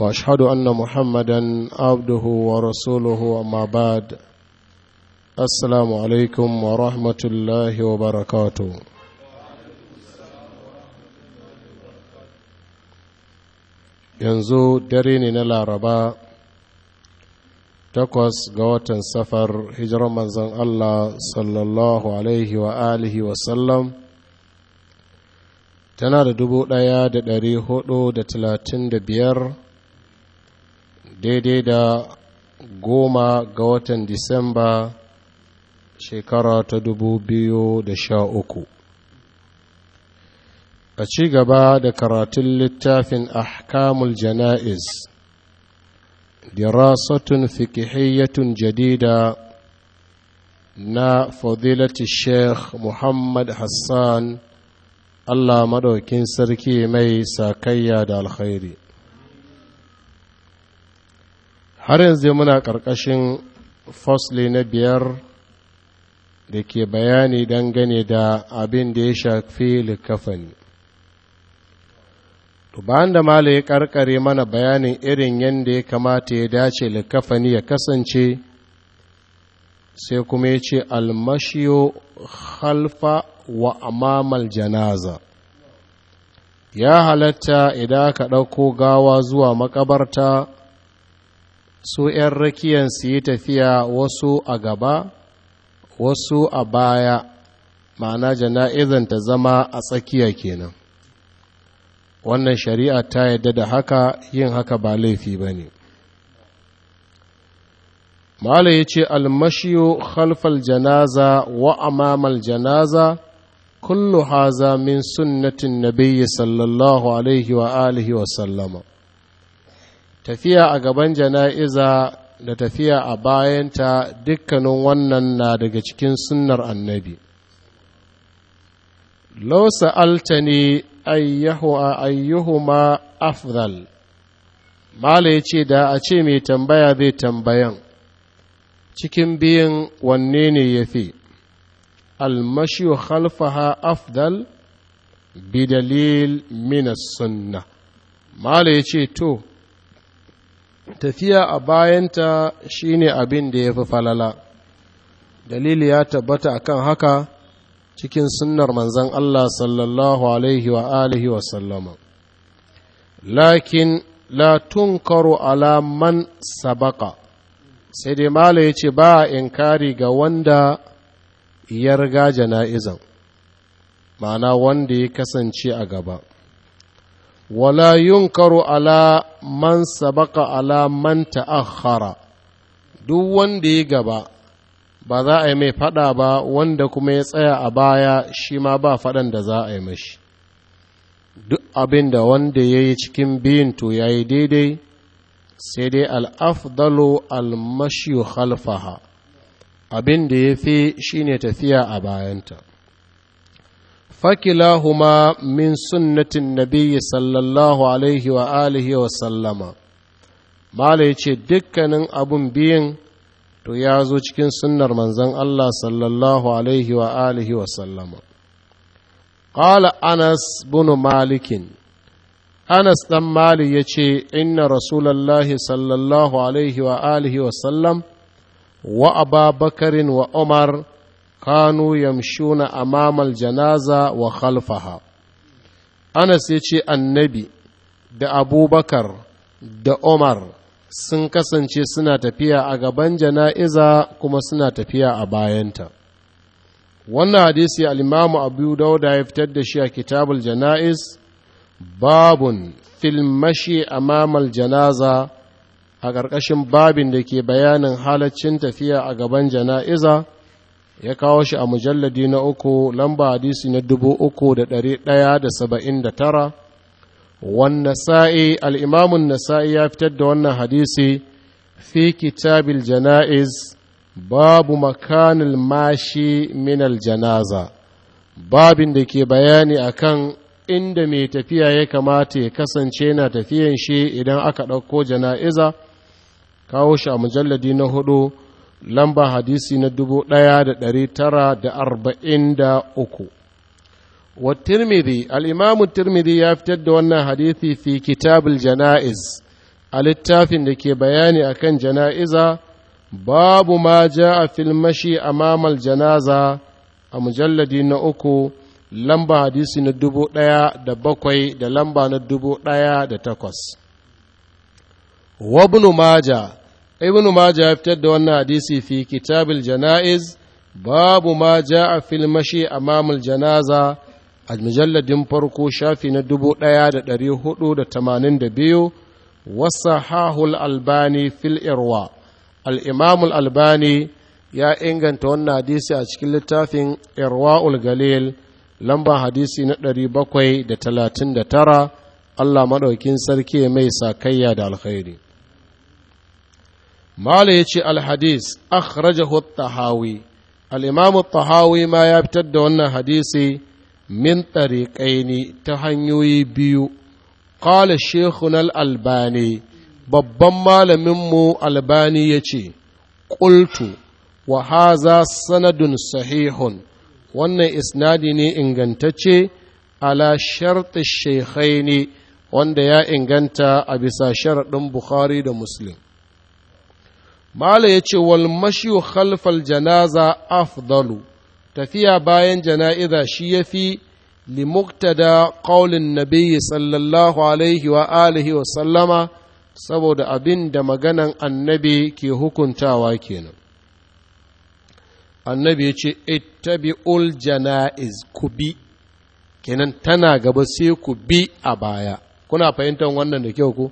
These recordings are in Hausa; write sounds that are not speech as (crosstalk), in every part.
واشهد ان محمدا عبده ورسوله اما بعد السلام عليكم ورحمه الله وبركاته yanzu dare ne na laraba takwas ga watan safar hijirar manzon allah sallallahu alaihi wa alihi wasallam tana da dubu ɗaya da dari hudu da talatin da biyar daidai da goma ga watan disamba shekara ta dubu biyu da sha uku a ci gaba da karatun littafin ahkamul jana'iz dirasatun fikihiyyatun jadida na fadilati sheikh muhammad hassan allah madaukin sarki mai sakayya da alkhairi har yanzu muna ƙarƙashin fosli na biyar da ke bayani dangane da abin da ya shafi likafani bayan da mala ya ƙarƙare mana bayanin irin yadda ya kamata ya dace likafani ya kasance sai kuma ya ce almashiyo halfa wa amamal janaza ya halatta idan aka ɗauko gawa zuwa makabarta su 'yan rakiyan su yi tafiya wasu a gaba wasu a baya ma'ana jana'izan ta zama a tsakiya kenan wannan shari'a ta yadda da haka yin haka ba laifi ba ne ma'ala ya ce almashiyo khalfal janaza wa amamal janaza kullu haza min sunnatin nabi sallallahu alaihi wa alihi wa sallama tafiya a gaban jana'iza da tafiya a bayanta dukkanin wannan na daga cikin sunnar annabi lausa sa'alta ne ayyuhuma afdal mala ya ce da a ce mai tambaya zai tambayan cikin biyan wanne ne ya fi almashiyu khalfaha afdal bidalil minas sunna mala ya ce to tafiya a bayanta shine abin da ya fi falala dalili ya tabbata akan haka cikin sunnar manzon Allah sallallahu alaihi wa alihi wa sallama lakin la tunkaru ala man sabaka sai dai mala ya ce ba inkari ga wanda ya riga jana'izan ma'ana wanda ya kasance a gaba wala yunkaru ala man sabaka ala man duk wanda ya gaba ba za a yi mai fada ba wanda kuma ya tsaya a baya shi ma ba fadan da za a yi mashi duk abin da wanda ya yi cikin biyun to ya yi daidai sai dai al'afdalo almashiyu khalfaha abin da ya fi shine tafiya a bayanta فكلاهما من سنة النبي صلى الله عليه وآله وسلم Mala ya ce dukkanin abun biyan, to ya zo cikin sunnar manzon Allah alaihi wa wa sallama. Ƙala Anas bunu Malikin Anas ɗan Mali ya ce, Inna Rasulallahi sallallahu alaihi wa alihi wa sallam wa Umar kanu yamshuna amamal janaza wa khalfaha anas ya ce annabi da abubakar da umar sun kasance suna tafiya a gaban jana'iza kuma suna tafiya a bayanta wannan hadisi al'imamu abu dauda ya fitar da shi a kitabul jana'iz babun filmashi amamal janaza a ƙarƙashin babin da ke bayanin halaccin tafiya a gaban jana'iza ya kawo shi a mujalladi na uku lamba hadisi na dubu uku da ɗari ɗaya da saba'in da tara wannan sa'i al'imamun nasa'i ya fitar da wannan hadisi fi kitabil jana'iz babu makanil mashi minal janaza babin da ke bayani akan inda mai tafiya ya kamata ya kasance na tafiyan shi idan aka ɗauko jana'iza kawo shi a mujalladi na hudu lamba hadisi na dubu ɗaya da ɗari tara da arba'in da uku wa tirmidhi al'imamu tirmidhi ya fitar da wannan hadisi fi kitabul jana'iz a littafin da ke bayani a kan jana'iza babu ma ja a filmashi a mamal janaza a mujalladi na uku lamba hadisi na dubu ɗaya da bakwai da lamba na dubu ɗaya da takwas wabnu maja ibn majah ya fitar da wannan hadisi fi kitabil janaiz babu ma ja'a fil mashi amamul janaza a mujalladin farko shafi na 1482 wasahahul albani fil irwa al-imamul albani ya inganta wannan hadisi a cikin littafin irwa'ul galil lambar hadisi na bakwai da da talatin tara: Allah maɗaukin sarki mai sakayya da alkhairi mala ya ce alhadis akhrajahu tahawi al'imamu tahawi ma ya fitar da wannan hadisi min tariƙaini ta hanyoyi biyu ƙala shekunan albani babban malaminmu albani ya ce ƙultu wa haza sanadun sahihun wannan isnadi ne ingantacce ala sharti shekhaini wanda ya inganta a bisa sharaɗin bukhari da muslim mala ya ce wal mashiyu khalfal janaza afdalu tafiya bayan jana'iza shi ya fi limuktada ƙaulin nabiyyi sallallahu alaihi wa alihi wa sallama saboda abin da maganan annabi ke hukuntawa kenan annabi ya ce ittabi'ul jana'iz ku bi kenan tana gaba sai ku bi a baya kuna fahimtar wannan da kyau ku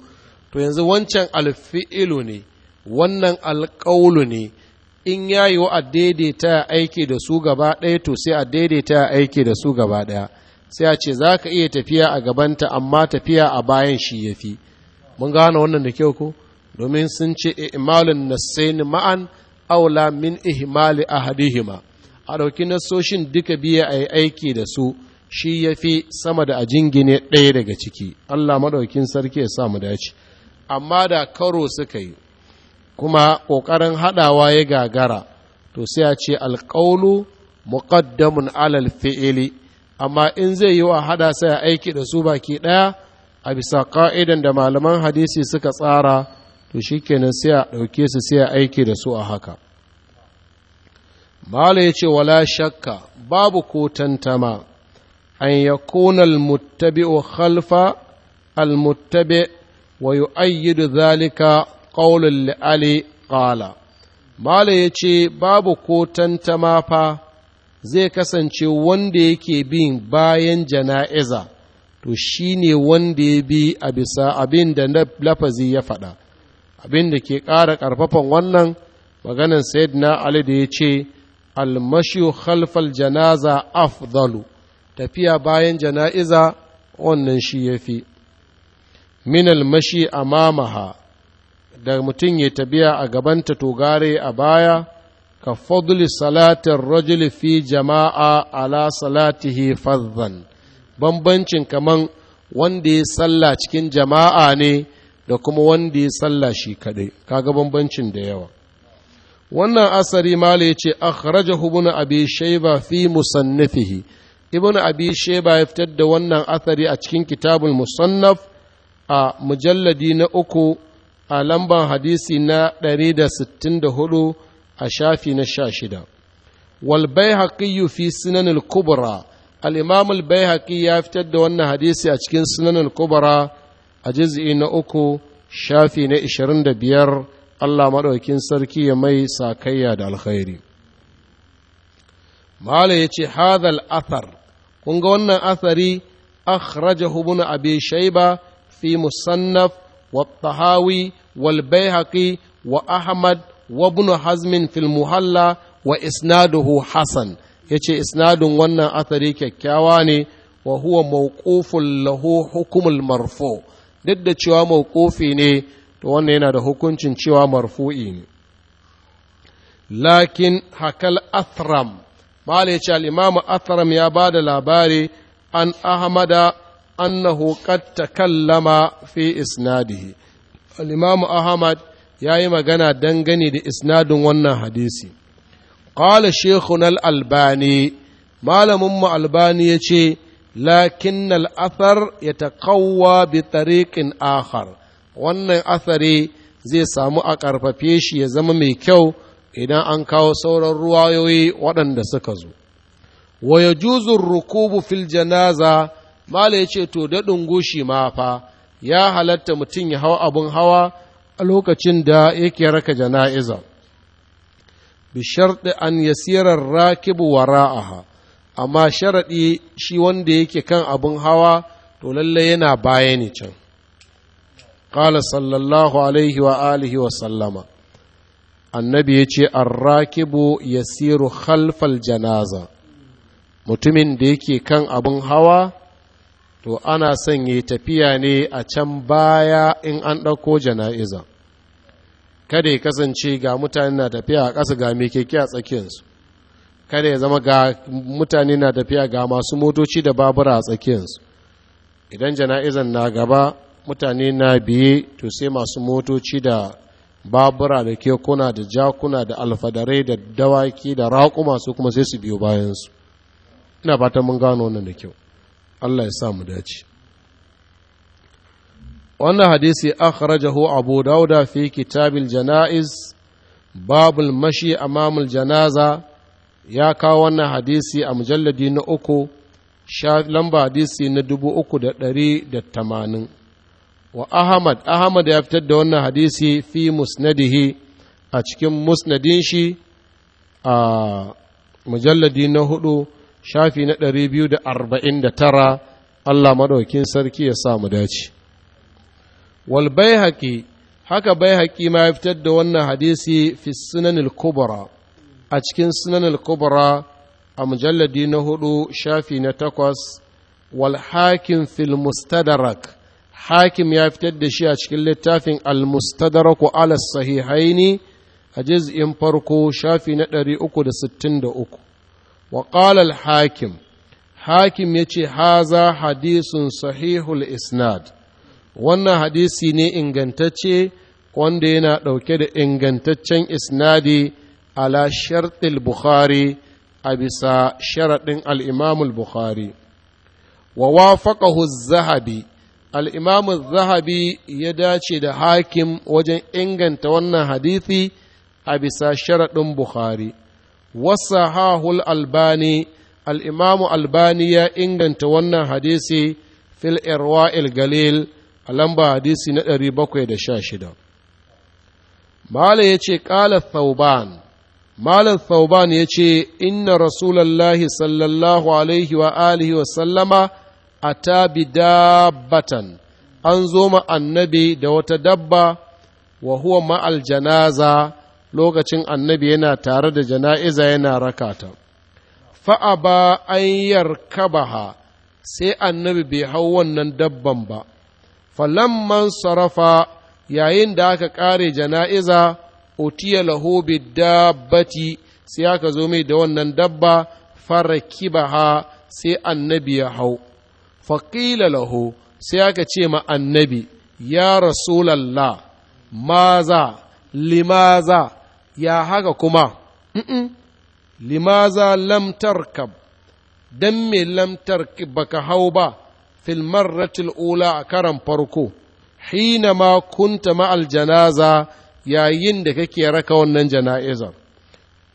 to yanzu wancan alfi'ilu ne wannan alƙaulu ne in ya yi wa daidaita ya aiki da su gaba ɗaya to sai a daidaita ya aiki da su gaba ɗaya sai a ce za ka iya tafiya a gabanta amma tafiya a bayan shi ya fi mun gane wannan da kyau ko domin sun ce imalin nassaini ma'an aula min ihmali ahadihima a ɗauki nasoshin duka biya a yi aiki da su shi ya fi sama da a jingine ɗaya daga ciki allah maɗaukin sarki ya sa mu dace amma da karo suka yi kuma ƙoƙarin haɗawa ya gagara to sai a ce alƙaulu muƙaddamun alal fi'ili amma in zai yi wa haɗa sai a aiki da su baki ɗaya a bisa ƙa'idan da malaman hadisi suka tsara to shikenan sai a ɗauke su sai a aiki da su a haka Mala ya ce wala shakka babu ko tantama an yakuna almuttabi'u khalfa almuttabi' wa yu'ayyidu zalika ƙaunin Ali ƙala Malam ya ce babu ko tantama fa zai kasance wanda yake bin bayan jana'iza to shi ne wanda ya bi a bisa abin da lafazi ya faɗa abin da ke ƙara ƙarfafan wannan maganin sayyidina ali da ya ce almashu khalfal janaza afdalu tafiya bayan jana'iza wannan shi ya fi min almashi amamaha da mutum ya tabiya a gabanta to a baya ka fadli salatin rajili fi jama'a ala salatihi fadhan bambancin kaman wanda ya salla cikin jama'a ne da kuma wanda ya salla shi kaɗai kaga bambancin da yawa wannan asari mala ya ce akhrajahu ibn abi shayba fi musannifihi ibn abi shayba ya fitar da wannan asari a cikin kitabul musannaf a mujalladi na uku a lamban hadisi na 164 a shafi na 16 wal baihaqi fi sunan al-kubra al-imam ya fitar da wannan hadisi a cikin sunan al-kubra a juz'i na uku shafi na 25 Allah maɗaukin sarki ya mai sakayya da alkhairi mala ce hadal athar kun ga wannan athari akhrajahu ibn abi Shaiba fi musannaf wal wa والبيهقي وأحمد وابن حزم في المهلة وإسناده حسن يتي إسناد ونا أثري ككاواني وهو موقوف له حكم المرفوع ضد cewa موقوفي ne to wannan yana da hukuncin cewa marfu'i ne lakin hakal athram mala ya ce al'imamu athram ya ba da labari an ahmada annahu qad takallama fi isnadihi al-imam ahmad ya yi magana dangane da isnadin wannan hadisi qala shaykhuna al-albani malamin mu albani yace lakin al-athar yataqawwa bi akhar wannan athari zai samu a ƙarfafe shi ya zama mai kyau idan an kawo sauran ruwayoyi waɗanda suka zo wa yajuzu rukubu fil janaza mala ya ce to daɗin goshi ma fa ya halatta mutum ya hau abin hawa a lokacin da yake raka jana'iza bi sharɗi an yasirar rakibu wara'aha amma sharaɗi shi wanda yake kan abin hawa to lalle yana baya ne can ƙala sallallahu alaihi wa alihi wa sallama annabi ya ce arrakibu yasiru khalfal janaza mutumin da yake kan abin hawa to ana son yi tafiya ne a can baya in an ɗauko jana'iza kada ya kasance ga mutane na tafiya a ƙasa ga mai keke a tsakiyarsu kada ya zama ga mutane na tafiya ga masu motoci da babura a tsakiyarsu idan jana'izan na gaba mutane na biye to sai masu motoci da babura da kekuna da jakuna da alfadarai da dawaki da raƙuma su kuma sai su biyo bayansu ina fatan mun gano wannan da kyau Allah ya sa mu dace wannan hadisi akhrajahu abu dauda fi kitabil janaiz babul mashi amamul janaza ya kawo wannan hadisi a mujalladi na uku lamba hadisi na dubu uku da ɗari da tamanin wa ahmad ahmad ya fitar da wannan hadisi fi musnadihi a cikin musnadin shi a mujalladi na hudu shafi na 249 Allah maɗaukin sarki ya sa mu dace wal baihaqi haka baihaqi ma ya fitar da wannan hadisi fi sunanil kubra a cikin sunanil kubra a mujalladi na hudu shafi na takwas wal hakim fil mustadrak hakim ya fitar da shi a cikin littafin al mustadrak ala sahihaini a juz'in farko shafi na 363 Waƙalal hakim hakim ya ce haza hadisun sahihul isnad wannan hadisi ne ingantacce wanda yana ɗauke da ingantaccen isnadi ala sharɗil bukhari a bisa sharaɗin al'imamul bukhari wa wafaqahu zahabi al'imamu zahabi ya dace da hakim wajen inganta wannan hadithi a bisa sharaɗin bukhari wasahahul albani al'imamu albani ya inganta wannan hadisi fil irwa'il galil a lamba hadisi na 716 mala ya ce ƙala thauban malam thauban ya ce inna Rasulallah sallallahu alaihi wa alihi wa sallama a tabi dabbatan an zo ma annabi da wata dabba wa huwa ma'al janaza lokacin annabi yana tare da jana'iza yana rakata Fa'a ba an yarkabaha sai annabi bai hau wannan dabban ba falamman sarrafa yayin da aka ƙare jana'iza utiya lahobi dabbati sai aka zo mai da wannan dabba farakibaha sai annabi ya hau faƙila laho, sai aka ce ma annabi ya rasulallah maza limaza ya haka kuma limaza lamtar ka don me lamtar ba baka hau ba filmar ratil ula a karan farko hina ma kunta ma'al janaza yayin da kake raka wannan jana'izar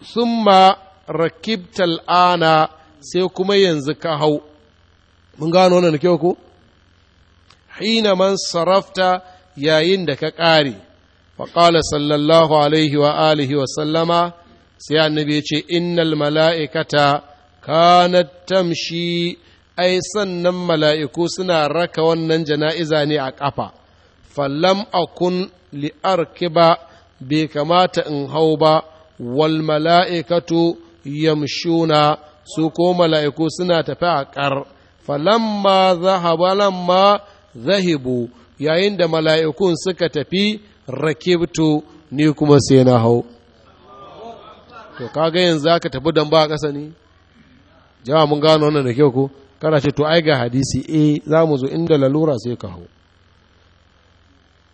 summa rakibtal ana sai kuma yanzu ka hau mun gano wannan kyau ko hina man sarafta yayin da ka ƙare faƙala sallallahu alaihi wa alihi wa sallama sai annabi ya ce innal mala'ikata kanat tamshi ai sannan mala'iku suna raka wannan jana'iza ne a ƙafa fallam akun li'arkiba bai kamata in hau ba Walmala'ikatu yamshuna su ko mala'iku suna tafi a ƙar falamma zahaba lamma zahibu yayin da mala'ikun suka tafi rakibtu ni kuma sai na hau to kaga yanzu aka tafi dan ba kasa ni? jama'a mun gano wannan da kyau ko kana ce to ai ga hadisi e za mu zo inda lalura sai ka hau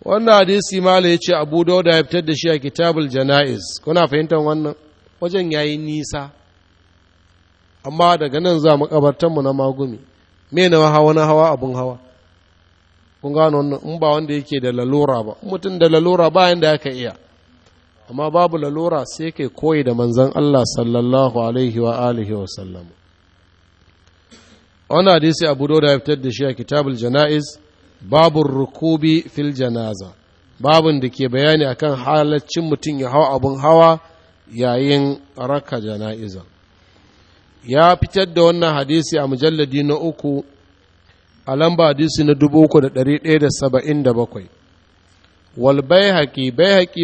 wannan hadisi mala ya ce abu dauda ya fitar da shi a kitabul jana'iz kuna fahimtar wannan wajen yayi nisa amma daga nan za mu mu na magumi me na hawa na hawa abun hawa kun gano wannan in ba wanda yake da lalura ba mutum da lalura ba yanda aka iya amma babu lalura sai kai koyi da manzan Allah sallallahu alaihi wa alihi wa sallam wannan hadisi Abu Dawud ya fitar da shi a Kitabul Janaiz babu rukubi fil janaza babun da ke bayani akan halaccin mutum ya hawa abun hawa yayin raka jana'iza ya fitar da wannan hadisi a mujalladi na uku a lamba hadisi na 3177 wal bai haƙi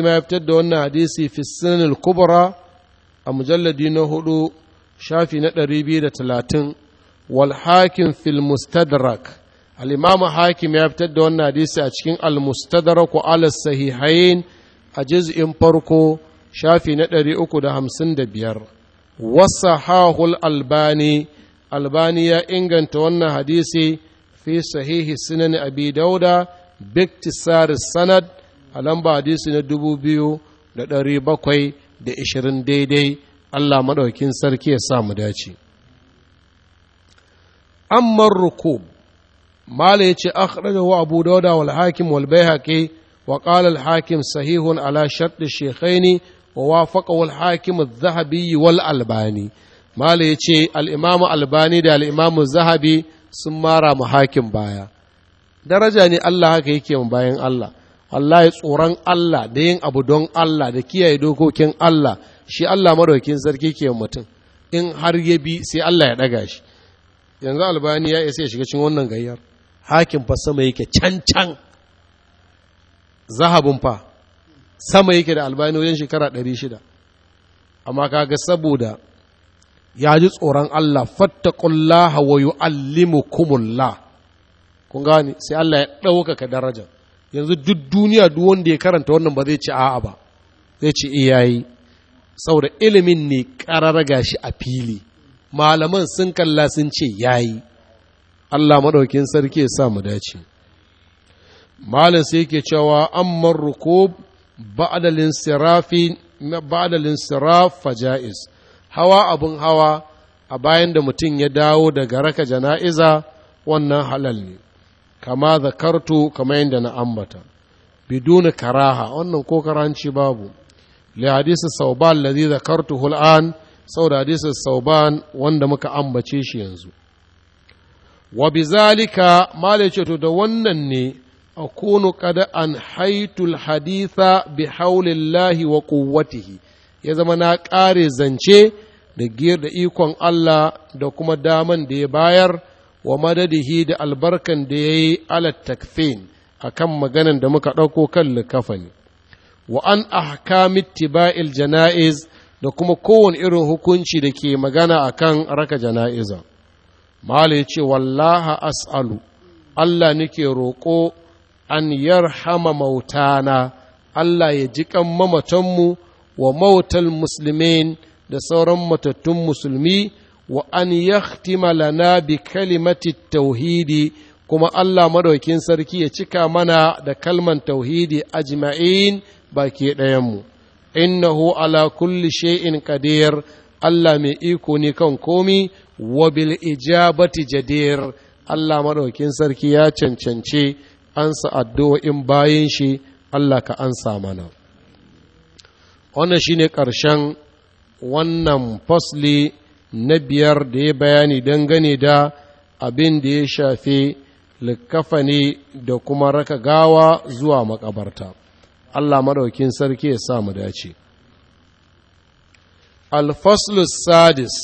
ma ya fitar da wannan hadisi fi sunan a mujalladi na hudu shafi na 230 wal fil mustadrak al imam hakim ya fitar da wannan hadisi a cikin al mustadrak wa al sahihain a juz'in farko shafi na 355 wasahahul albani albani ya inganta wannan hadisi fi sahihi sunan abi dauda biktisar sanad a lamba hadisi na dubu biyu da ɗari bakwai da ishirin daidai allah maɗaukin sarki ya samu dace amman rukub mala ya ce wa abu dauda wal hakim wal bayhaqi wa qala al hakim sahihun ala shart shaykhaini wa wafaqahu al hakim al zahabi albani mala ya ce al albani da al zahabi sun mara mu hakin baya daraja ne Allah haka yake mu bayan Allah wallahi tsoron Allah da yin abu don Allah da kiyaye dokokin Allah shi Allah madaukin sarki ke mutum in har ya bi sai Allah ya daga shi yanzu albani ya isa ya shiga cikin wannan gayyar hakin fa sama yake can can zahabun fa sama yake da albani wajen shekara 600 amma kaga saboda ya ji tsoron Allah fattaqullaha wa yu'allimukumullah kun gane sai Allah ya ɗaukaka darajar yanzu duk duniya duk wanda ya karanta wannan ba zai ci a'a ba zai ci iyayi eh, saboda ilimin ne ƙararraga shi a fili malaman sun kalla sun ce yayi Allah maɗaukin sarki ya sa mu dace malam sai yake cewa amman rukub ba'da linsirafi ba'da linsiraf Faja'is. hawa abun hawa a bayan da mutum ya dawo daga raka jana'iza wannan halal ne kama zakartu kama yadda na ambata biduna karaha wannan ko karanci babu li hadisi sauban ladhi zakartu hul'an sau da hadisi sauban wanda muka ambace shi yanzu wa bizalika da ce to da wannan ne a kunu kada an haitul haditha bi haulillahi wa quwwatihi ya zama na ƙare zance da giyar da ikon Allah da kuma daman da ya bayar wa madadihi da albarkan da ya yi alat takfin a kan maganan da muka ɗauko kan likafani wa an ahkamit tiba'il jana'iz da kuma kowane irin hukunci da ke magana a kan raka jana'iza mala ya ce wallaha as'alu Allah nike roƙo an yarhama mautana Allah ya ji kan mamatanmu wa mautal muslimin da sauran matattun musulmi wa an yahtima lana bi kalimati tauhidi kuma Allah madaukin sarki ya cika mana da kalman tauhidi ajma'in baki ɗayanmu innahu ala kulli shay'in qadir Allah mai iko ne kan komi wa bil ijabati jadir Allah madaukin sarki ya cancance ansa addu'o'in bayan shi Allah ka ansa mana wannan ne ƙarshen wannan fasli na biyar da ya bayani dangane da abin da ya shafi likafani da kuma raka gawa zuwa makabarta Allah maɗaukin sarki ya sa mu dace alfaslus sadis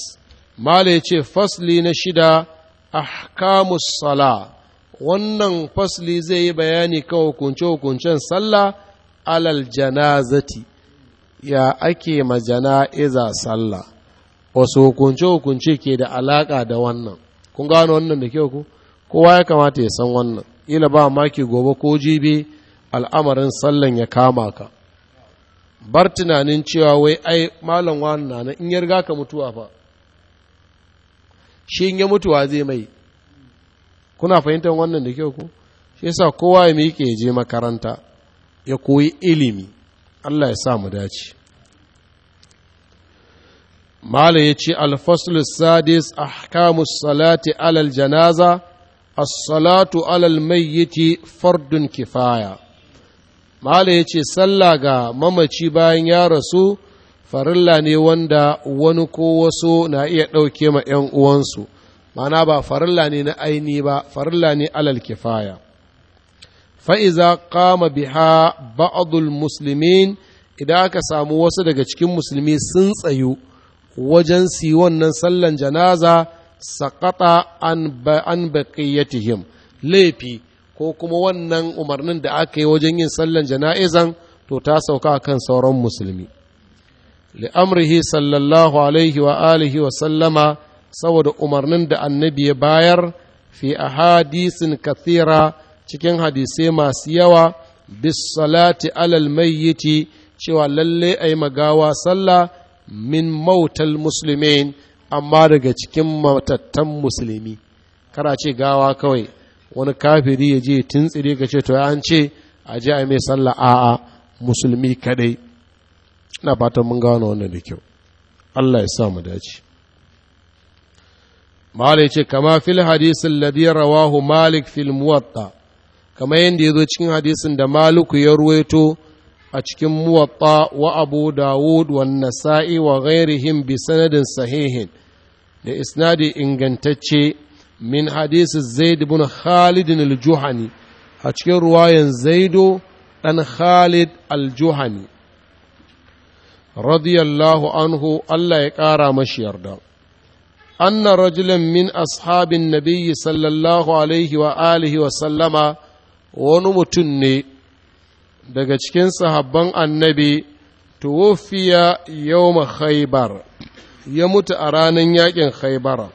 mala ce fasli na shida ahkamus sala wannan fasli zai yi bayani kan hukunce-hukuncen sallah alal janazati ya ake majana iza sallah wasu hukunce-hukunce ke da alaƙa da wannan kun gano wannan da kyau ku kowa ya kamata ya san wannan ila ba maki gobe ko jibi al'amarin sallan ya kama ka bar tunanin cewa wai ai malam wani na in yarga ka mutuwa fa shi in ya mutuwa zai mai kuna fahimtar wannan da kyau ku shi yasa kowa ya miƙe ya je makaranta ya koyi ilimi Allah ya sa mu dace mala ya ce alfasulus sadis a kamus salati alal janaza as-salatu alal mayyiti fardun kifaya mala ya ce sallah ga mamaci bayan ya rasu farilla ne wanda wani ko wasu na iya ɗauke ma 'yan uwansu mana ba farilla ne na aini ba farilla ne alal kifaya fa'iza kama biha ba'adul musulmin idan aka samu wasu daga cikin musulmi sun tsayu wajen si wannan sallan janaza saƙaɗa an baƙiyyatihim laifi ko kuma wannan umarnin da aka yi wajen yin sallan jana'izan to ta sauka kan sauran musulmi li'amrihi sallallahu alaihi wa alihi wa sallama saboda umarnin da annabi ya bayar fi ahadisin kathira cikin hadisai masu yawa bis salati alal mayyiti cewa lalle a yi magawa sallah min mautal musulmin amma daga cikin matattan musulmi kara ce gawa kawai wani kafiri ya je tuntsire ka ce to ya an ce a ji a mai sallah a'a musulmi kadai na fatan mun gano wannan da kyau Allah ya sa mu dace Malik ce kama fil hadisin ladhi rawahu Malik fil muwatta kamar yadda ya zo cikin hadisin da maluku ya ruwaito a cikin muwatta wa abu dawud wa nasa'i wa ghairihim bi sanadin sahihin da isnadi ingantacce min hadisi zaid ibn khalid a cikin ruwayan Zaidu dan khalid Aljuhani. juhani radiyallahu anhu Allah ya ƙara mashi yarda anna rajulan min ashabin nabiyyi sallallahu alaihi wa alihi wa sallama wani mutum ne daga cikin sahabban annabi tuwofiya yawma khaybar ya mutu a ranar yakin khaybara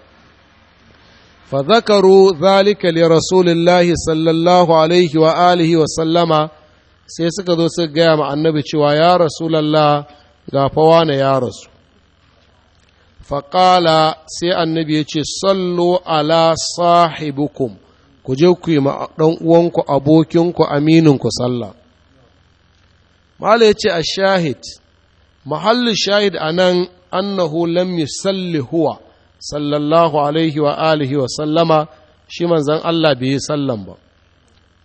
fa zakaru zalika li rasulillahi sallallahu alaihi wa alihi wa sallama sai suka zo suka gaya ma annabi cewa ya rasulallah ga fawa na ya rasu faƙala sai annabi ya ce sallu ala sahibukum ku je ku yi ɗan uwanku abokinku amininku sallah mala ya ce a shahid mahallu shahid a nan annahu lam yusalli huwa sallallahu alaihi wa alihi wa sallama shi manzan Allah bai yi sallan ba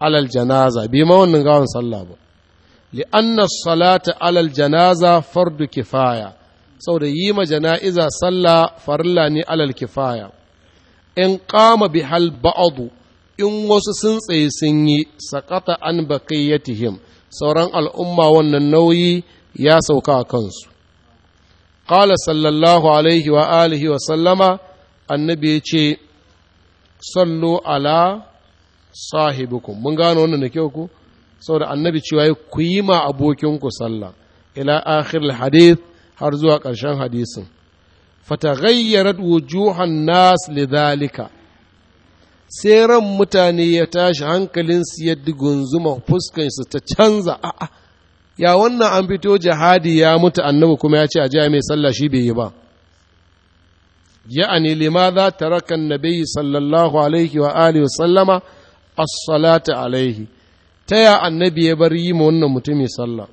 alal janaza bai ma wannan gawan sallah ba li'anna salata alal janaza fardu kifaya saboda yi ma jana'iza sallah farilla ne alal kifaya in qama bihal ba'adu in wasu sun tsaye sun yi sakata an tihim, sauran al'umma wannan nauyi ya sauka a kansu qala sallallahu alaihi wa alihi wa sallama annabi ya ce sallu ala sahibukum mun gano wannan da kyau ku saboda annabi cewa ku yi ma abokinku sallah ila akhir hadith har zuwa ƙarshen hadisin Fata gayyarar wujuhan nas lidhalika sai ran mutane ya tashi hankalinsu ya digunzuma fuskansu ta canza a'a ya wannan an fito jihadi ya mutu annabi kuma ya ce a jiya mai sallah shi bai yi ba ya'ani limadha taraka an-nabiy sallallahu alaihi wa alihi sallama as-salata ta taya annabi ya bar yi ma wannan mutumin sallah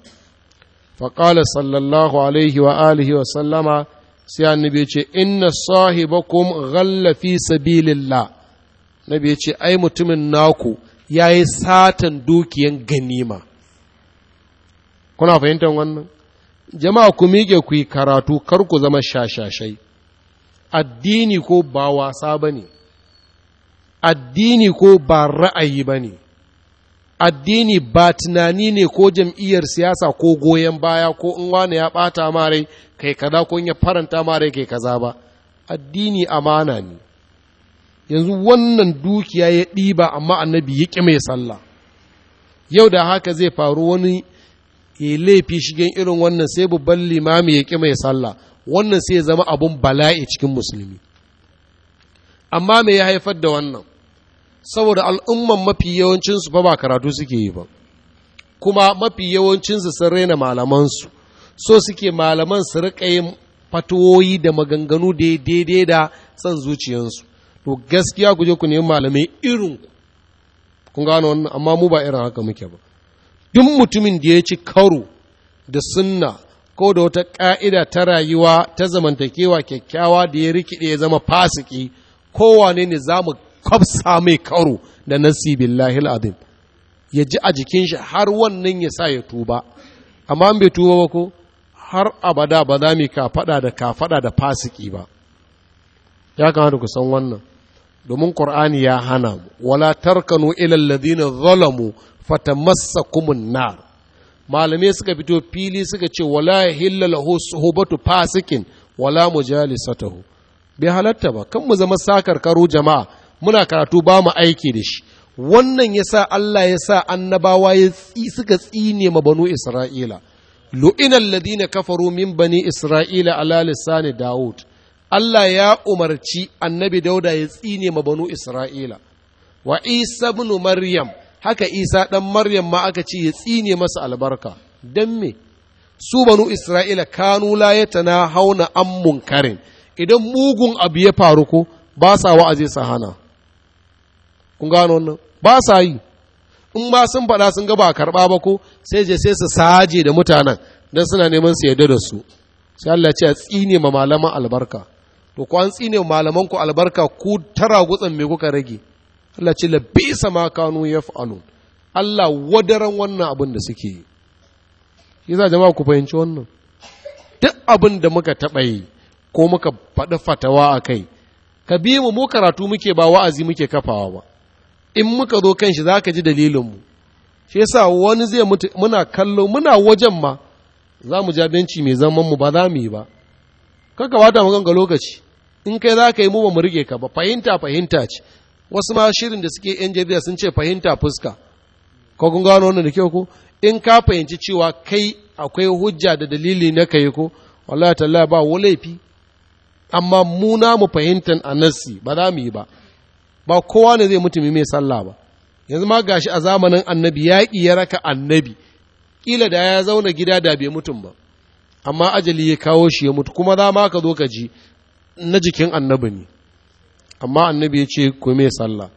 faƙala sallallahu alaihi wa alihi wa sallama sai annabi ce inna sahibakum ghalla fi sabilillah nabi ya ce ai mutumin naku ya yi satan dukiyan ganima kuna fahimtar wannan jama'a ku miƙe ku yi karatu kar ku zama shashashai addini ko ba wasa ba ne addini ko ba ra'ayi ba ne addini ba tunani ne ko jam'iyyar siyasa ko goyon baya ko in wane ya bata marai kai kaza ko in ya faranta marai kai kaza ba addini amana ne yanzu wannan dukiya ya ɗiba amma annabi ya ƙi mai sallah yau da haka zai faru wani ya laifi shigen irin wannan sai babban limami ya ƙi mai sallah wannan sai ya zama abun bala'i cikin musulmi amma me ya haifar da wannan saboda al'umman mafi yawancinsu ba ba karatu suke yi ba kuma mafi yawancinsu sun raina malamansu so suke malaman su riƙa yin fatoyi da maganganu daidai da son zuciyarsu. to gaskiya ku je ku nemi malamai irin ku kun gano wannan amma mu ba irin haka muke ba duk mutumin da ya ci karo da sunna ko da wata ƙa'ida ta rayuwa ta zamantakewa kyakkyawa da ya rikide ya zama fasiki kowane ne za mu kwafsa mai karo da nasi billahi al'adim ya ji a jikin shi har wannan ya sa ya tuba amma an bai tuba ba ko har abada ba za mu ka fada da ka faɗa da fasiki ba ya kamata ku san wannan domin qur'ani ya hana mu wala tarkanu ila alladhina zalamu fatamassakumun nar malamai suka fito fili suka ce wala yahilla lahu suhbatu fasikin wala mujalisatahu bai halatta ba kan mu zama sakar karo jama'a muna karatu ba mu aiki da shi wannan yasa Allah ya sa annabawa ya suka tsine ma banu Isra'ila lu'ina alladhina kafaru min bani Isra'ila ala lisani Dawud Allah ya umarci annabi dauda ya tsine ma banu Isra'ila, wa Isa bin Maryam, haka Isa ɗan Maryam ma aka ce ya tsine masa albarka, don me, su banu Isra'ila kanu layata na hauna an munkarin, idan mugun abu ya faru ko ba sa wa'azi sa hana. Kun gano wannan? Ba sa yi, in ba sun faɗa sun ga ba karɓa ba ko sai je sai su saje da mutanen don suna neman su yarda da su. Sai Allah ce a tsine ma malaman albarka. to ku an tsine malaman ku albarka ku tara gutsan me kuka rage Allah ce la bi ma kanu yaf'alun Allah wadaran wannan abin da suke yi yasa jama'a ku fahimci wannan duk abin da muka taɓa yi ko muka faɗi fatawa a kai ka bi mu mu karatu muke ba wa'azi muke kafawa ba in muka zo kan shi zaka ka ji dalilinmu shi yasa wani zai mutu muna kallo muna wajen ma za mu ja benci mai zaman mu ba za mu yi ba kaka wata mu ganga lokaci in kai za ka yi mu ba mu rike ka ba fahimta fahimta ce wasu ma shirin da suke yan jarida sun ce fahimta fuska ko kun gano wannan da kyau ko in ka fahimci cewa kai akwai hujja da dalili na kai ko wallahi tallahi ba wa laifi amma mu na mu fahimtan ba za mu yi ba ba kowa ne zai mutumi mai sallah ba yanzu ma gashi a zamanin annabi yaƙi ya raka annabi kila da ya zauna gida da bai mutum ba amma ajali ya kawo shi ya mutu kuma za ma ka zo ka ji na jikin annabi ne amma annabi ya ce ku mai sallah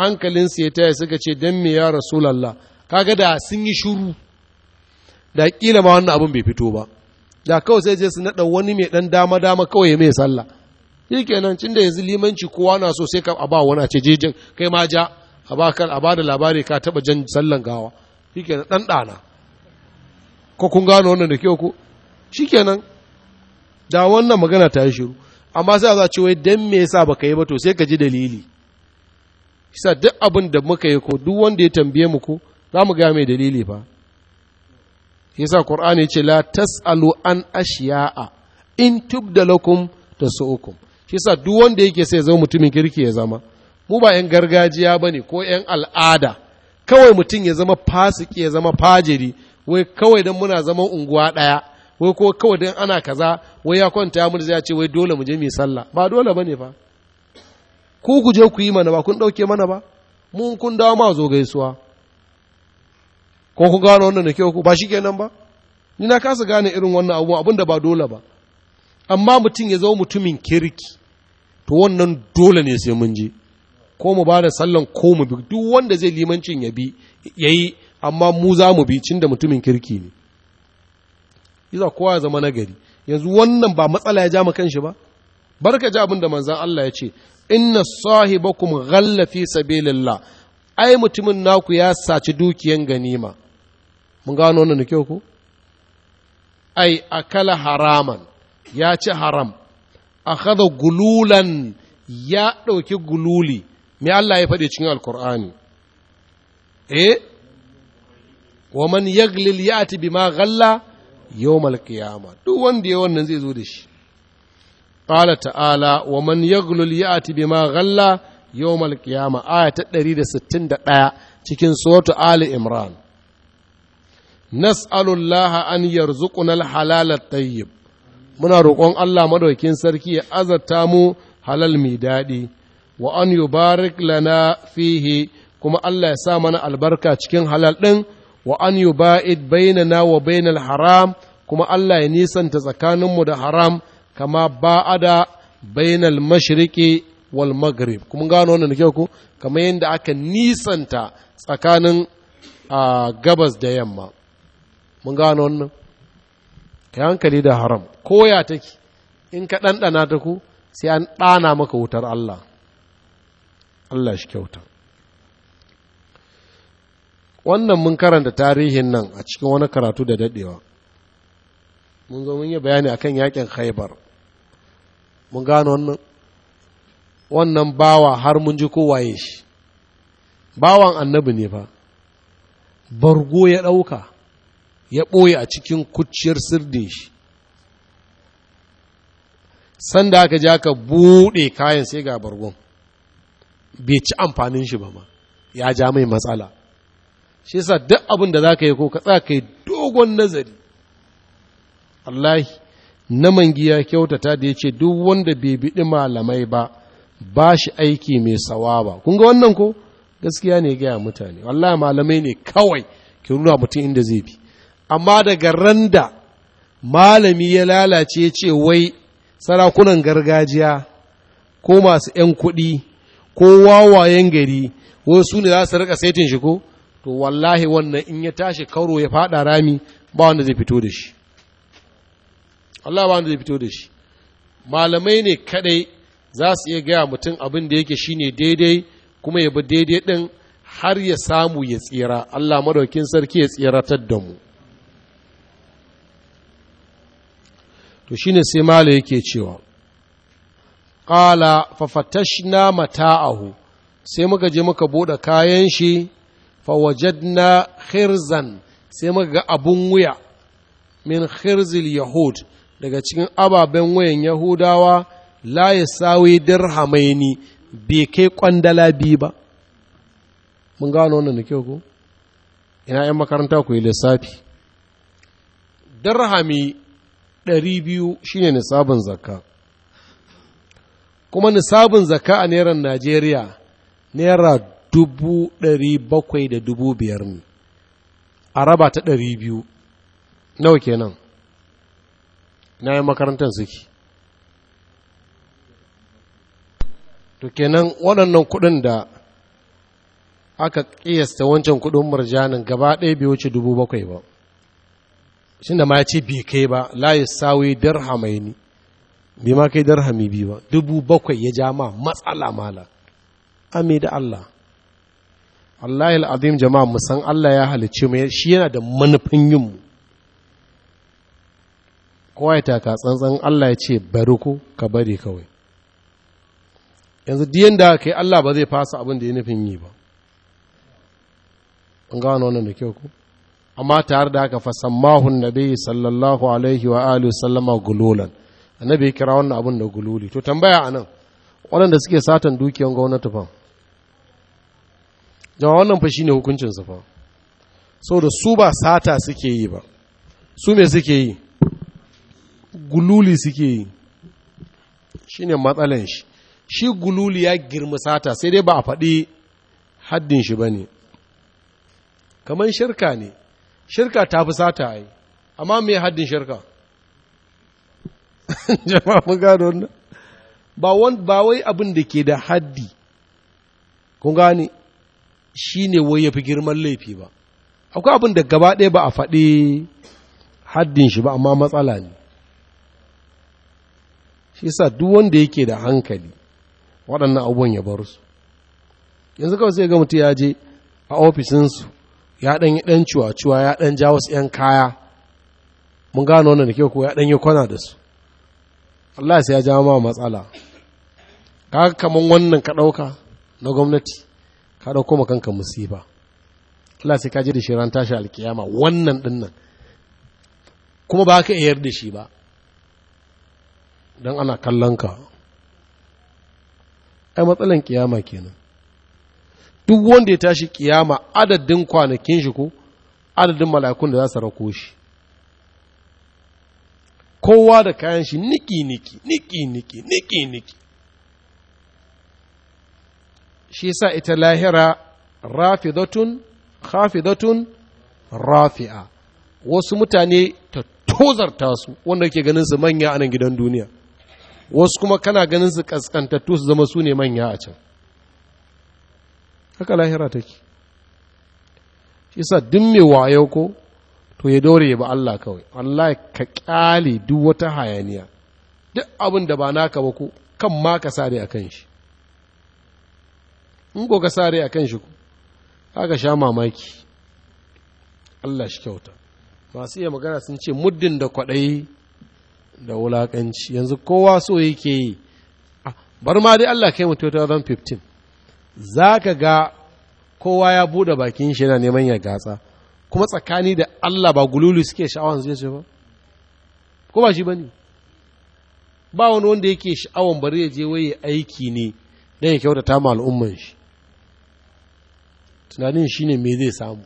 hankalin su ya taya suka ce don me ya rasulallah kaga da sun yi shuru da kila ma wannan abin bai fito ba da kawai sai je su nada wani mai ɗan dama dama kawai ya mai sallah shi kenan cin da yanzu limanci kowa na so sai ka a ba wani a ce jejin kai ma ja a ba kan a ba da labari ka taɓa jan sallan gawa shi kenan ɗan ɗana ko kun gano wannan da kyau ko shi kenan da wannan magana ta yi shiru amma sai za a ce wai dan me yasa baka yi ba to sai ka ji dalili sa duk abin da muka yi ko duk wanda ya tambaye mu ko za mu ga mai dalili ba fa yasa ya ce la tasalu an ashiya'a in tubda lakum shi yasa duk wanda yake sai zama mutumin kirki ya zama mu ba yan gargajiya ba ne ko yan al'ada kawai mutum ya zama fasiki ya zama fajiri wai kawai don muna zama unguwa ɗaya. wai ko kawai don ana kaza wai ya kwanta ya ya ce wai dole mu je mu sallah ba dole bane fa ko ku je ku yi mana ba kun dauke mana ba mun kun dawo ma zo gaisuwa ko ku gano wannan da ke ku ba shikenan ba ni na kasa gane irin wannan abu abin da ba dole ba amma mutum ya zama mutumin kirki to wannan dole ne sai mun je ko mu ba da sallan ko mu bi duk wanda zai limancin ya bi yayi amma mu za mu bi cin da mutumin kirki ne iza kowa ya zama nagari yanzu wannan ba matsala ya ja ma kanshi ba barka ji abin da manzan Allah ya ce inna sahibakum ghalla fi sabilillah ai mutumin naku ya saci dukiyan ganima mun gano wannan da kyau ko ai akala haraman ya ci haram akhadha gululan ya ɗauki gululi me Allah ya faɗi cikin alkur'ani eh wa man yaglil ya'ti bima ghalla yawmal qiyama duk wanda ya wannan zai zo da shi qala ta'ala wa man yaghlul ya'ti bima ghalla yawmal qiyama aya ta 161 cikin suratu ali imran nas'alullaha an yarzuquna al-halal at muna roƙon Allah madaukin sarki ya azarta mu halal mai daɗi wa an yubarik lana fihi kuma Allah ya sa mana albarka cikin halal ɗin wa an yuba'id bainana wa bainal haram kuma Allah ya nisanta tsakaninmu da haram kama ba'ada bainal mashiriki wal maghrib kuma gano wannan kyau ku kama yadda aka nisanta tsakanin gabas da yamma mun gano wannan ka hankali da haram koya take in ka ɗanɗana ta ku sai an ɗana maka wutar Allah Allah shi kyauta wannan mun karanta tarihin nan a cikin wani karatu da daɗewa mun zo mun yi bayani a kan yaƙin haibar mun gano wannan wannan bawa har mun ji kowaye shi bawan annabi ne ba bargo ya ɗauka ya ɓoye a cikin kuciyar sirde shi sanda aka ji aka buɗe kayan sai ga bargon bai ci amfanin shi ba ma ya ja mai matsala shi yasa duk abin da za ka yi ko ka tsaka kai dogon nazari wallahi na mangiya kyautata da ya ce duk wanda bai biɗi malamai ba ba shi aiki mai sawaba kun ga wannan ko gaskiya ne gaya mutane wallahi malamai ne kawai ki nuna mutum inda zai bi amma daga randa malami ya lalace ce wai sarakunan gargajiya ko masu 'yan kuɗi ko wawayen gari wai su ne za su rika saitin shi ko to wallahi wannan in ya tashi karo ya fada rami ba wanda zai fito da shi Allah ba wanda zai fito da shi malamai ne kadai za su iya gaya mutum abin da yake shine daidai kuma ya bi daidai din har ya samu ya tsira Allah madaukin sarki ya tsiratar da mu to shine sai malai yake cewa qala fafatashna mata'ahu sai muka je muka bude kayan shi fawajadna khirzan sai muka ga abun wuya min khirzil yahud daga cikin ababen wayan yahudawa la ya sawi dirhamaini bai kai kwandala biyu ba mun gano wannan da kyau ko ina 'yan makaranta ku yi lissafi dirhami 200 shine nisabin zakka kuma nisabin zakka a naira najeriya naira dubu ɗari bakwai da dubu biyar ne a raba ta ɗari biyu nawa kenan na yi makarantar suke to kenan waɗannan kuɗin da aka ƙiyasta wancan kuɗin murjanin gaba ɗaya bai wuce dubu bakwai ba shi da ma ya ce bi kai ba layi sawi darhamai ne bai ma kai darhami biyu ba dubu bakwai ya ja ma matsala mala ame Allah Allah al'azim jama'a mu san Allah ya halicce mu shi yana da manufin yin mu kowa ya taka tsantsan Allah ya ce bari ku ka bari kawai yanzu diyan da kai Allah ba zai fasa abin da ya nufin yi ba an gano wannan da kyau ku amma tare da haka fasammahun nabi sallallahu alaihi wa alihi sallama gululan annabi kira wannan abin da gululi to tambaya anan waɗanda suke satan dukiyar gwamnati fa jama wannan fa shine hukuncinsa fa saboda su ba sata suke yi ba su me suke yi gululi suke yi shine matsalan shi shi gululi ya girma sata sai dai ba a faɗi haddin shi ba ne kamar shirka ne shirka ta fi sata ai amma me haddin shirka (laughs) jama'a mun gano wannan ba wai abin da ke da haddi kun gane shi ne wai ya fi girman laifi ba akwai abin da gaba ɗaya ba a faɗi haddin shi ba amma matsala ne shi sa duk wanda yake da hankali waɗannan abubuwan ya bar su yanzu kawai sai ga mutum ya je a ofisinsu ya ɗan ɗan cuwa-cuwa ya ɗan ja wasu ‘yan kaya mun gano wannan da kyau ko ya ɗan kwana da su Allah sai ya ja ma matsala ka kamar wannan ka ɗauka na gwamnati ka dauko ma kanka musiba Allah sai ka ji da shi ran tashi alkiyama wannan dinnan. nan kuma ba ka yar da shi ba don ana kallon ka ai matsalan kiyama kenan duk wanda ya tashi kiyama adadin kwanakin shi ko adadin mala'ikun da za su rako shi kowa da kayan shi niki niki niki niki niki shi sa ita lahira rafidatun khafidatun rafi'a wasu mutane ta tozarta su wanda ke ganin su manya a nan gidan duniya wasu kuma kana ganin su kaskantattu su zama su ne manya a can haka lahira take shi sa duk mai wayo ko to ya dore ya ba Allah kawai Allah ka kyale duk wata hayaniya duk abin da ba naka ba ko kan ma ka sare a kan shi in goga sare a kan shi haka sha mamaki Allah shi kyauta masu iya magana sun ce muddin da kwaɗayi da wulaƙanci yanzu kowa so yake yi bar ma dai Allah kai mu 2015 za ka ga kowa ya buɗe bakin shi yana neman ya gatsa kuma tsakani da Allah ba gululu suke sha'awan zai ce ba ko ba shi ba ne? ba wani wanda yake sha'awar bari ya je waye aiki ne don ya kyautata ma al'umman shi tunanin shine mai zai samu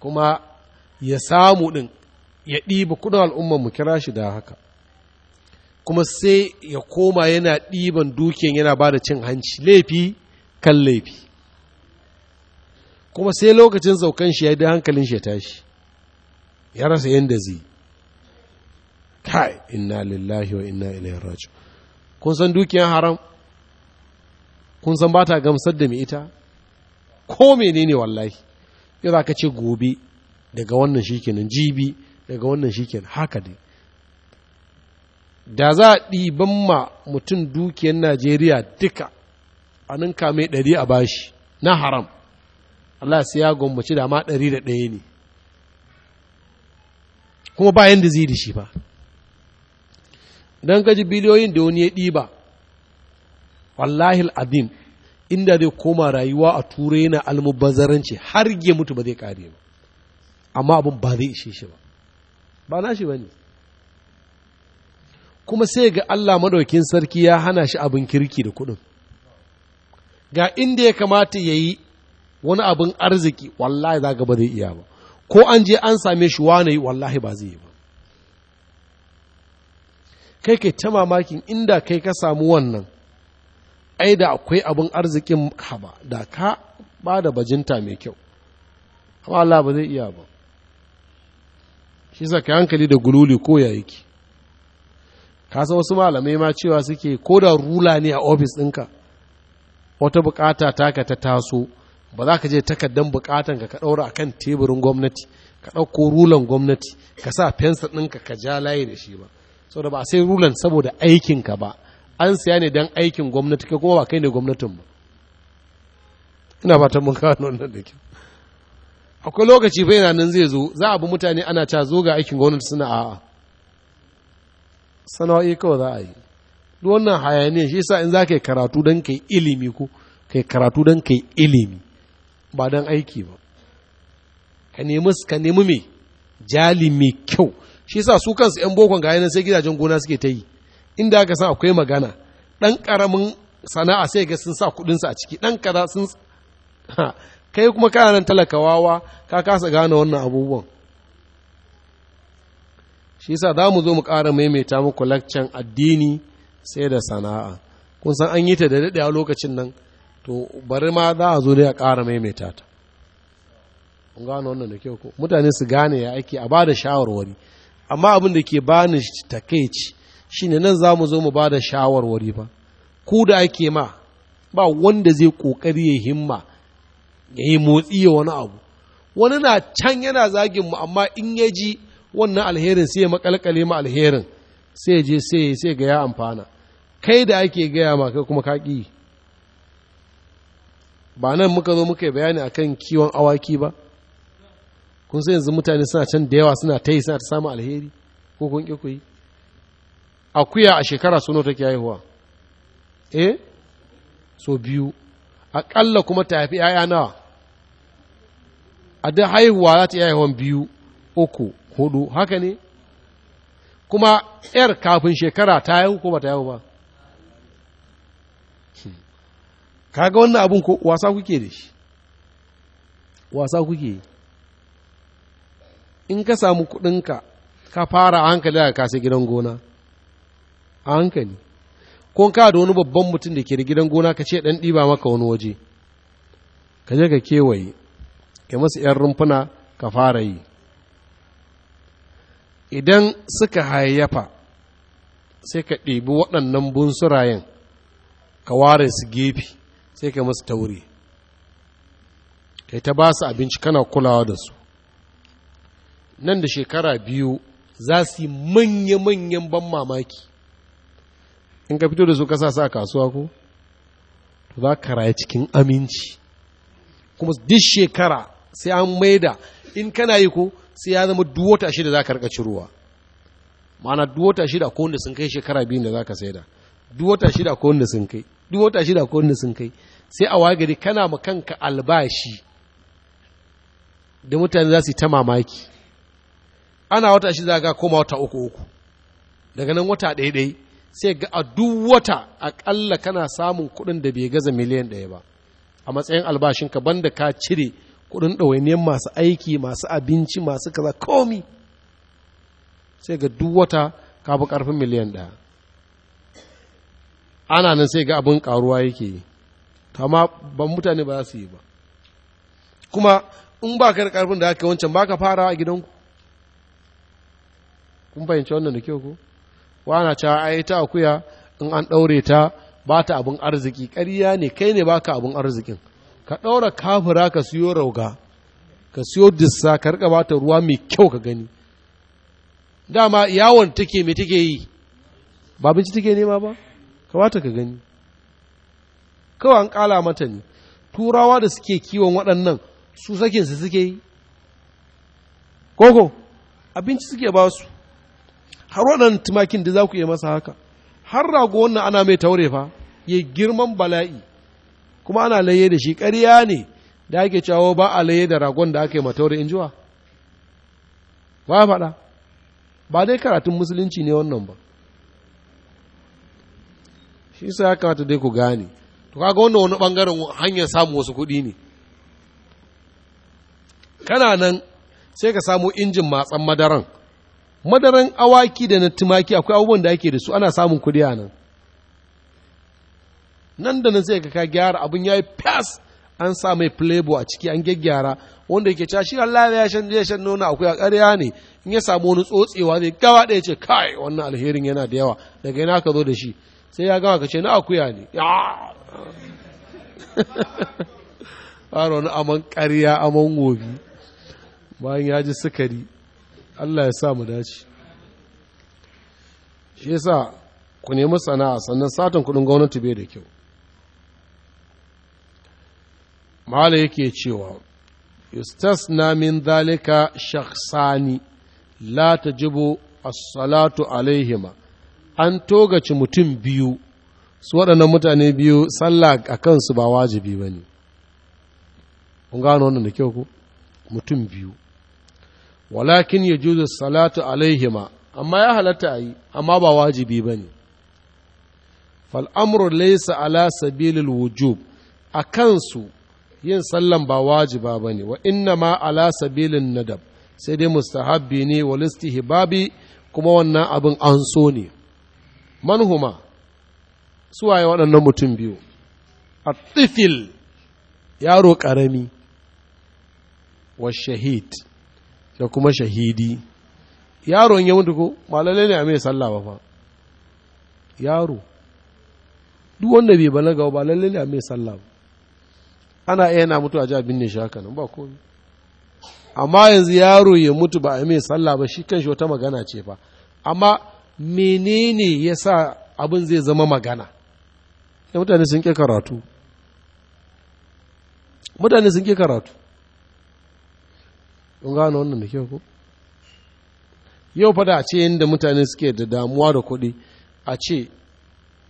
kuma ya samu ɗin ya ɗiba kudin al'umman mu kira shi da haka kuma sai ya koma yana ɗiban dukiyan yana ba da cin hanci laifi kan laifi kuma sai lokacin saukan shi ya yi hankalin shi ya tashi ya rasa yadda zai kai inna lillahi wa inna ilaihi raji kun san dukiyan haram kun san ba ta gamsar da mai ita ko menene wallahi yau za ka ce gobe daga wannan shikenan jibi daga wannan shikenan haka dai da za a ɗiban ma mutum dukiyar najeriya duka a nan kame ɗari a bashi na haram Allah sai ya gwammaci da ma ɗari da ɗaya ne kuma bayan da zai da shi ba don gaji biliyoyin da wani ya ɗiba wallahi al'adim inda zai koma rayuwa a turai yana almubazzaranci har ya mutu ba zai kare ba amma abin ba zai ishe shi ba ba na shi ba ne kuma sai ga Allah madaukin sarki ya hana shi abin kirki da kuɗin ga inda ya kamata ya yi wani abin arziki wallahi za ba zai iya ba ko an je an same shi yi wallahi ba zai yi ba kai kai ta mamakin inda kai ka samu wannan ai da akwai abin arzikin haba da ka ba da bajinta mai kyau amma Allah ba zai iya ba shi sa ka hankali da gululi ko ya yake ka san wasu malamai ma cewa suke ko da rula ne a ofis ɗinka wata bukata taka ta taso ba za ka je takaddan bukatan ka ɗaura a kan teburin gwamnati ka ɗauko rulan gwamnati ka sa fensa ɗinka ka ja layi da shi ba da ba sai rulan saboda aikinka ba an siya ne don aikin gwamnati ka kuma ba kai ne gwamnatin ba ina ba ta mun kawo wannan da kyau akwai lokaci fa yana nan zai zo za a bi mutane ana ca zo ga aikin gwamnati suna a'a sanawa'i kawai za a yi duk wannan hayaniya shi yasa in za ka yi karatu don ka yi ilimi ko ka yi karatu don ka yi ilimi ba don aiki ba ka nemi ka nemi me jali mai kyau shi yasa su kansu yan bokon ga sai gidajen gona suke ta yi inda aka san akwai magana ɗan ƙaramin sana'a sai ga sun sa kuɗinsu a ciki ɗan kaza sun kai kuma kana nan talakawawa ka kasa gane wannan abubuwan shi yasa za mu zo mu ƙara maimaita muku lakcan addini sai da sana'a kun san an yi ta da daɗe a lokacin nan to bari ma za a zo da a ƙara maimaita ta kun gane wannan da kyau ko mutane su gane ya ake a ba da shawarwari amma abin da ke bani takaici shine nan za mu zo mu ba da shawarwari ba ku da ake ma ba wanda zai kokari ya himma ya yi motsi ya wani abu wani na can yana zagin mu amma in ya ji wannan alherin sai ya makalkale ma alherin sai je sai sai ga ya amfana kai da ake gaya ma kai kuma kaki ba nan muka zo muka yi bayani akan kiwon awaki ba kun sai yanzu mutane suna can da yawa suna ta yi suna ta samun alheri ko kun ƙi ku yi akuya a shekara suno take haihuwa eh so biyu aƙalla kuma ta haifi ‘ya'ya nawa a da haihuwa za ta haihuwan biyu uku hudu haka ne kuma ‘yar kafin shekara ta haihu ko ba ta haihu ba hmm. kaga wannan abin ko wasa kuke da shi wasa kuke in ka samu kuɗinka ka fara hankali daga kasai gidan gona a hankali ko ka da wani babban mutum da ke da gidan gona ka ce ɗan ɗiba maka wani waje ka je ka kewaye ka masa ‘yan rumfuna ka fara yi idan suka hayayyafa sai ka ɗebi waɗannan bunsurayen ka ware su gefe sai ka masu taure kai ta ba su abinci kana kulawa da su nan da shekara biyu za su yi manya-manyan ban mamaki in ka fito da su ka sa kasuwa ko to za ka raya cikin aminci kuma duk shekara sai an maida in kana yi ko sai ya zama duwata shida za ka rika ciruwa ma'ana duwata shida ko wanda sun kai shekara biyu da za ka saida duwata shida ko wanda sun kai duwata shida ko wanda sun kai sai a wagari kana ma kanka albashi da mutane za su yi ta mamaki ana wata shida za ga koma wata uku uku daga nan wata ɗaya ɗaya sai ga a duk wata aƙalla kana samun kuɗin da bai gaza miliyan ɗaya ba a matsayin albashin ka banda ka cire kuɗin ɗawainiyar masu aiki masu abinci masu kaza komi sai ga duk wata ka fi ƙarfin miliyan ɗaya ana nan sai ga abin ƙaruwa yake yi amma ban mutane ba su yi ba kuma in ba ka da ƙarfin da aka wancan ba ka fara a gidanku kun fahimci wannan da kyau ko wana cewa ai ta akuya in an ɗaure ta ba ta abin arziki ƙarya ne kai ne baka abin arzikin ka ɗaura kafira ka siyo rauga ka siyo dissa ka rika ta ruwa mai kyau ka gani dama yawon take me take yi ba binci take nema ba ka ba ta ka gani kawai an ƙala mata ne turawa da suke kiwon waɗannan su sakinsu suke yi koko abinci suke ba su har waɗannan tumakin da za ku iya masa haka har rago wannan ana mai taure fa ya girman bala'i kuma ana laye da shi ƙarya ne da ake cewa ba a laye da ragon da aka yi mataure in jiwa ba faɗa ba dai karatun musulunci ne wannan ba shi sa ya kamata dai ku gane to kaga wannan wani ɓangaren hanyar samu wasu kuɗi ne kana nan sai ka samu injin matsan madaran madaran awaki da na tumaki akwai abubuwan da ake da su ana samun kuɗi a nan nan da nan sai ka gyara abin ya yi fas an sa mai playbo a ciki an gyaggyara wanda yake shi Allah ya shan ya shan nono akwai a ƙarya ne in ya samu wani tsotsewa zai gawa ɗaya ce kai wannan alherin yana da yawa daga yana ka zo da shi sai ya gama ka ce na akuya ne (laughs) fara wani aman ƙarya aman gobi bayan ya ji sukari Allah ya sa mu dace shi yasa ku nemi sana'a sannan satan kudin gwamnati bai da kyau mala yake cewa na min zalika shakhsani la tajibu as-salatu alaihima an togaci mutum biyu su waɗannan mutane biyu sallah a kansu ba wajibi ba ne kun gano wannan da kyau ko mutum biyu walakin ya juzu salatu alaihima amma ya halatta a yi amma ba wajibi ba ne fal’amurin laisa ala sabilil wujub a kansu yin sallan ba wajiba ba ne wa inna ma ala sabilin nadab sai dai mustahabbi ne wa listihibabi kuma wannan abin an so ne manhuma suwaye waɗannan mutum biyu a tifil yaro ƙarami wa shahid Da kuma shahidi yaron ya mutu ko ba ne a mai sallah ba fa yaro duk wanda bai balaga ba lalle ne a mai sallah ba ana iya na mutu a ji abin ne shaka nan ba komai amma yanzu yaro ya mutu ba a mai sallah ba shi shi wata magana ce fa amma menene ya sa abin zai zama magana mutane sun ƙi karatu mutane sun ƙi karatu kun gano wannan da kyau ko yau fada a ce yadda mutane suke da damuwa da kuɗi a ce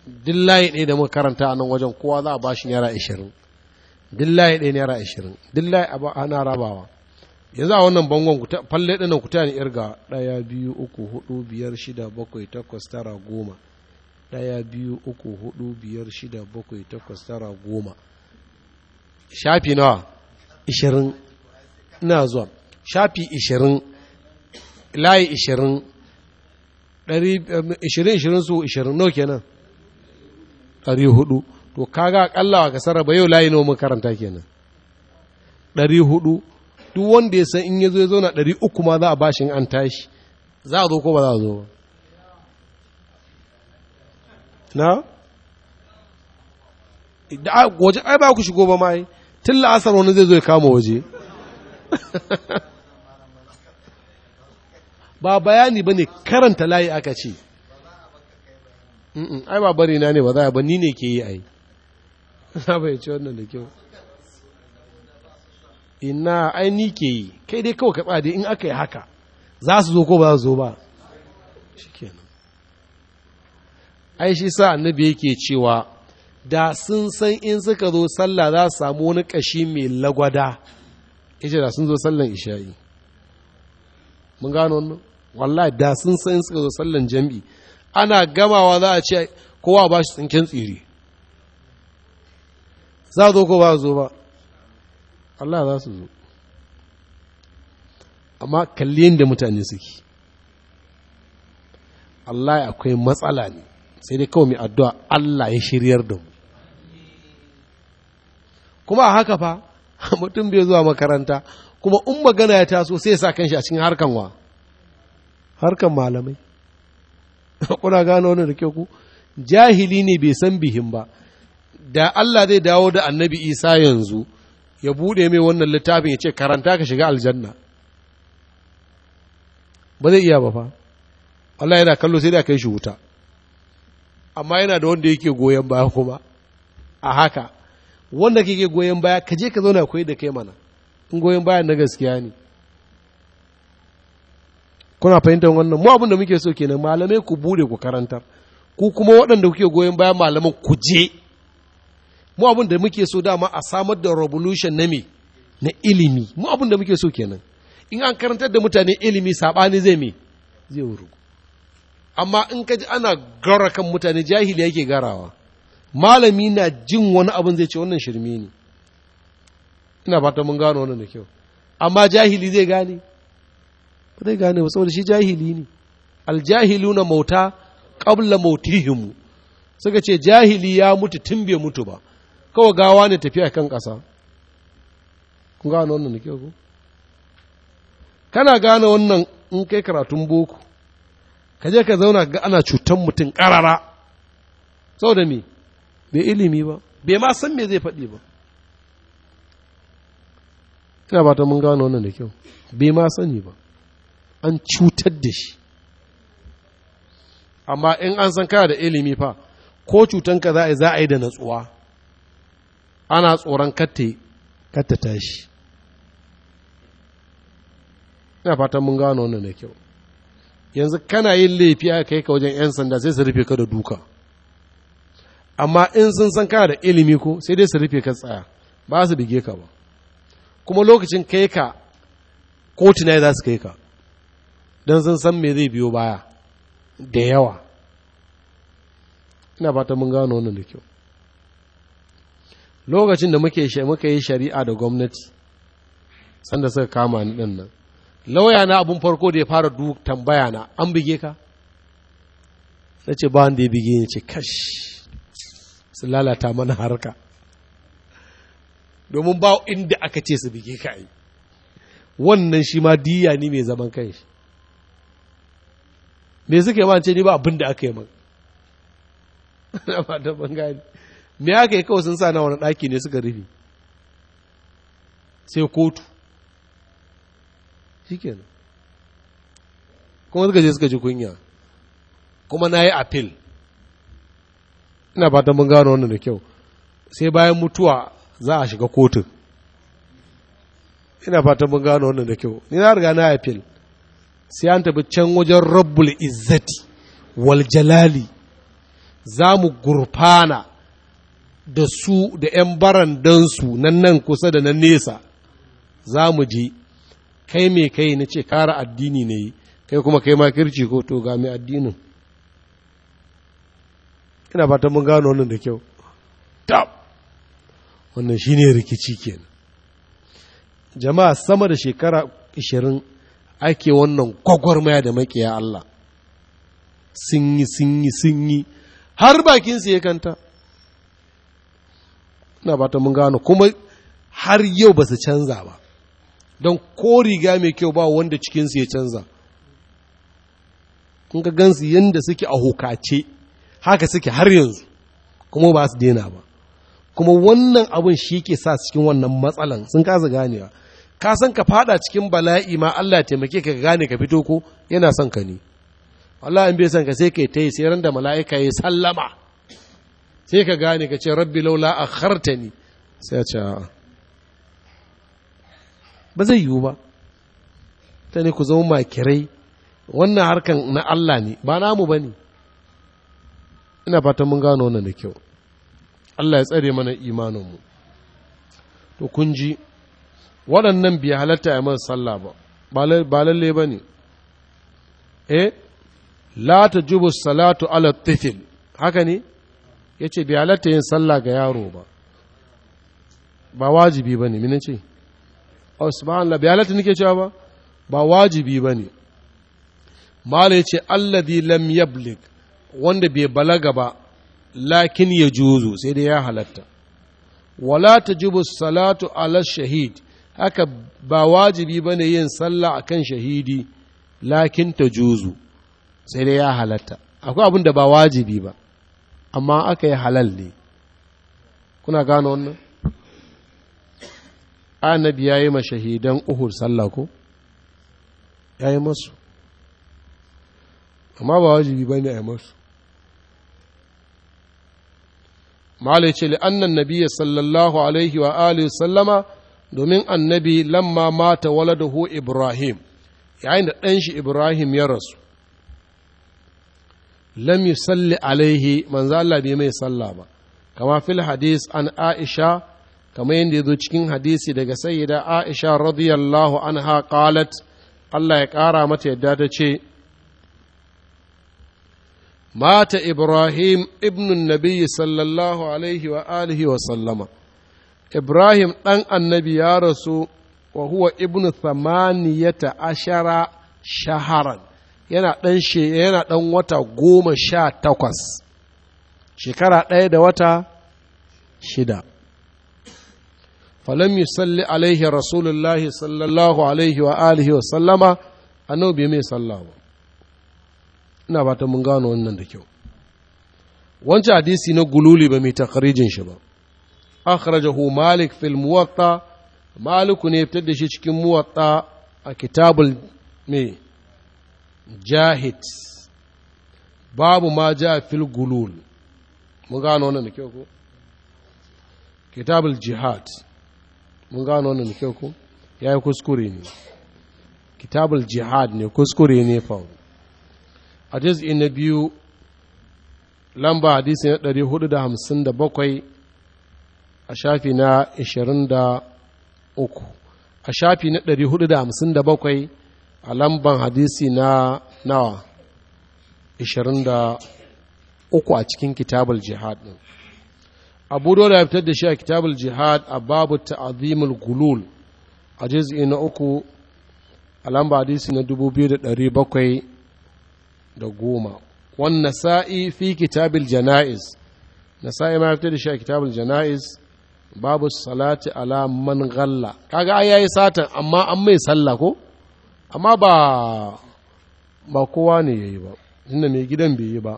duk layi ɗaya da muka karanta a nan wajen kowa za a shi naira ashirin duk layi ɗaya naira ashirin duk layi ana rabawa yanzu a wannan bangon falle ɗinan ku ne irga ɗaya biyu uku hudu biyar shida bakwai takwas tara goma ɗaya biyu uku hudu biyar shida bakwai takwas tara goma shafi nawa ashirin ina zuwa shafi ishirin layi ishirin um, ishirin ishirin su ishirin nau kenan ɗari hudu to kaga akalla ka ba yau layi nomin karanta kenan ɗari hudu duk wanda ya san in ya zo ya zauna ɗari uku ma za a bashin an tashi za a zo ko ba za a zo ba na waje ai ba ku shigo ba mai tun la'asar wani zai zo ya kama waje (laughs) ba bayani ba ne karanta layi aka ce ai ba bari na ne ba za a ba ni ne ke yi ai ba ya ci wannan da kyau ina ai ni ke yi kai dai kawai ka dai in aka yi haka za su zo ko ba su zo ba shikenan ai shi sa annabi yake cewa da sun san in suka zo sallah za su samu wani kashi mai lagwada yace da sun zo sallan isha'i mun gano wannan wallahi da sun san suka zo sallan jam'i ana gamawa za a ce kowa ba shi tsinken tsiri za zo ko ba zo ba Allah za su zo amma kalli yadda mutane suke Allah akwai matsala ne sai dai kawai mai addu'a Allah ya shiryar da mu kuma a haka fa (laughs) mutum bai zuwa makaranta kuma in magana ya taso sai ya sa kanshi a cikin harkan wa harkan malamai (laughs) kuna gano wani da kyau ku jahili ne bai san bihin ba da Allah zai dawo da annabi Isa yanzu ya bude mai wannan littafin ya ce karanta ka shiga aljanna ba zai iya ba fa Allah yana kallo sai da kai shi wuta amma yana da wanda yake goyon baya kuma a haka wanda kake goyon baya ka je ka zauna koyi da kai mana in goyon bayan na gaskiya ne kuna fahimtar wannan mu abin da muke so kenan malamai ku bude ku karanta, ku kuma waɗanda kuke goyon bayan malaman ku je mu abin da muke so dama a samar da revolution na me na ilimi mu abin da muke so kenan in an karantar da mutane ilimi sabani zai me zai wuru amma in ka ji ana gara kan mutane jahili yake garawa malami na jin wani abin zai ce wannan shirme ne ina fata mun gano wannan da kyau amma jahili zai gane ba zai gane ba saboda shi jahili ne aljahiluna mauta qabla mautihim suka ce jahili ya mutu tun bai mutu ba kawai gawa ne tafiya kan ƙasa kun gano wannan da kyau ko kana gane wannan in kai karatun boko ka je ka zauna ga ana cutan mutum ƙarara saboda me bai ilimi ba bai ma san me zai faɗi ba ina ba ta mun gano wannan da kyau bai ma sani ba an cutar da shi amma in an san kana da ilimi fa ko cutanka za a yi za a yi da natsuwa ana tsoron katta tashi ina fatan mun gano wannan da kyau yanzu kana yin laifi a kai ka wajen 'yan sanda sai su rufe ka da duka amma in sun san kana da ilimi ko sai dai su rufe ka tsaya ba su bige ka ba kuma lokacin kai ka kotuna za su kai ka don sun san me zai biyo baya da yawa ina fata mun gano wannan da kyau lokacin da muka yi shari'a da gwamnati sanda suka kama ni ɗin nan lauya na abun farko da ya fara duk tambaya na an bige ka na ce ba wanda ya bige ni ce kash sun lalata mana harka domin ba inda aka ce su bige ka yi wannan shi ma diya ne mai zaman kai shi me suke yi ce ni ba abin da aka yi man ba da ban gani me aka yi kawai sun sa na wani ɗaki ne suka rufe sai kotu shi kuma suka je suka ji kunya kuma na yi apil ina fatan mun gano wannan da kyau sai bayan mutuwa za a shiga kotun ina fatan mun gano wannan da kyau ni na riga na appeal sai an tafi can wajen rabbul izzati wal jalali za mu gurfana da su da 'yan barandansu nan nan kusa da nan nesa za mu je kai mai kai na ce kara addini ne kai kuma kai makirci ko to ga mai addinin ina fatan mun gano wannan da kyau wannan shi ne rikici kenan jama'a sama da shekara 20 ake wannan gwagwarmaya da makiya Allah sun yi sun yi sun yi har bakin su ya kanta ina bata mun gano kuma har yau ba su canza ba don ko riga mai kyau ba wanda cikinsu ya canza kun ka gansu yadda suke a hukace haka suke har yanzu kuma ba su daina ba kuma wannan abin shi ke sa cikin wannan matsalan sun kasa ganewa ka san ka fada cikin bala'i ma Allah taimake ka gane ka fito ko yana son ka ne Allah in bai son ka sai kai tayi sai ran da mala'ika ya sallama sai ka gane ka ce rabbi laula akhartani sai ya ce ba zai yiwu ba ta ne ku zama makirai wannan harkan na Allah ne ba namu ba ne ina fatan mun gano wannan da kyau Allah ya tsare mana imaninmu to kun ji waɗannan bai halatta a man sallah ba ba lalle ba ne eh la ta jubu salatu ala tifil haka ne ya ce bai halatta yin sallah ga yaro ba ba wajibi ba ne minin ce oh subhanallah halatta nake cewa ba ba wajibi ba ne mala ya ce allazi lam yablig wanda bai balaga ba lakin ya juzu sai dai ya halatta wala ta salatu ala shahid haka ba wajibi ba ne yin sallah a kan shahidi lakin ta juzu sai dai ya halatta akwai abin da ba wajibi ba amma aka yi halal ne kuna gano wannan annabi ya yi mashahidan uhur sallah ko ya yi masu amma ba wajibi ba ne a yi masu malai ce li'annan nabiyya sallallahu alaihi wa alihi sallama domin annabi lamma mata waladahu ibrahim yayin da ɗan shi ibrahim ya rasu lam yusalli alaihi manzo Allah bai mai sallah ba kama fil hadis an aisha kama yadda zo cikin hadisi daga sayyida aisha radiyallahu anha qalat Allah ya ƙara mata yadda ta ce mata ibrahim ibn nabiyyi sallallahu alaihi wa alihi wa sallama ibrahim ɗan annabi ya rasu wa huwa ibn thamaniyata ashara shaharan yana ɗan ɗan wata goma sha takwas shekara ɗaya da wata shida falam yusalli alaihi rasulullahi sallallahu alaihi wa alihi wa sallama ina ba ta mun gano wannan da kyau wancan hadisi na gululi ba mai takarijin shi ba akhrajahu malik fil muwatta maliku ne fitar da shi cikin muwatta a kitabul me jahit babu ma ja fil gulul mun gano wannan da kyau ko kitabul jihad mun gano wannan da kyau ko yayi kuskure ne kitabul jihad ne kuskure ne fa a jiz'i na biyu lamba hadisi na ɗari hudu da hamsin da bakwai a shafi na ishirin da uku a shafi na ɗari hudu da hamsin da bakwai a lamban hadisi na nawa ishirin da uku a cikin kitabul jihad ɗin abu da ya fitar da shi a kitabul jihad a babu ta'azimul gulul a jiz'i na uku a lamba hadisi na dubu biyu da ɗari bakwai da goma wan nasa'i fi kitabil jana'iz nasa'i ma fitar da shi a kitabul jana'iz babu salati ala man galla kaga ai yayi satan amma an mai sallah ko amma ba ba kowa ne yayi ba inda mai gidan bai yi ba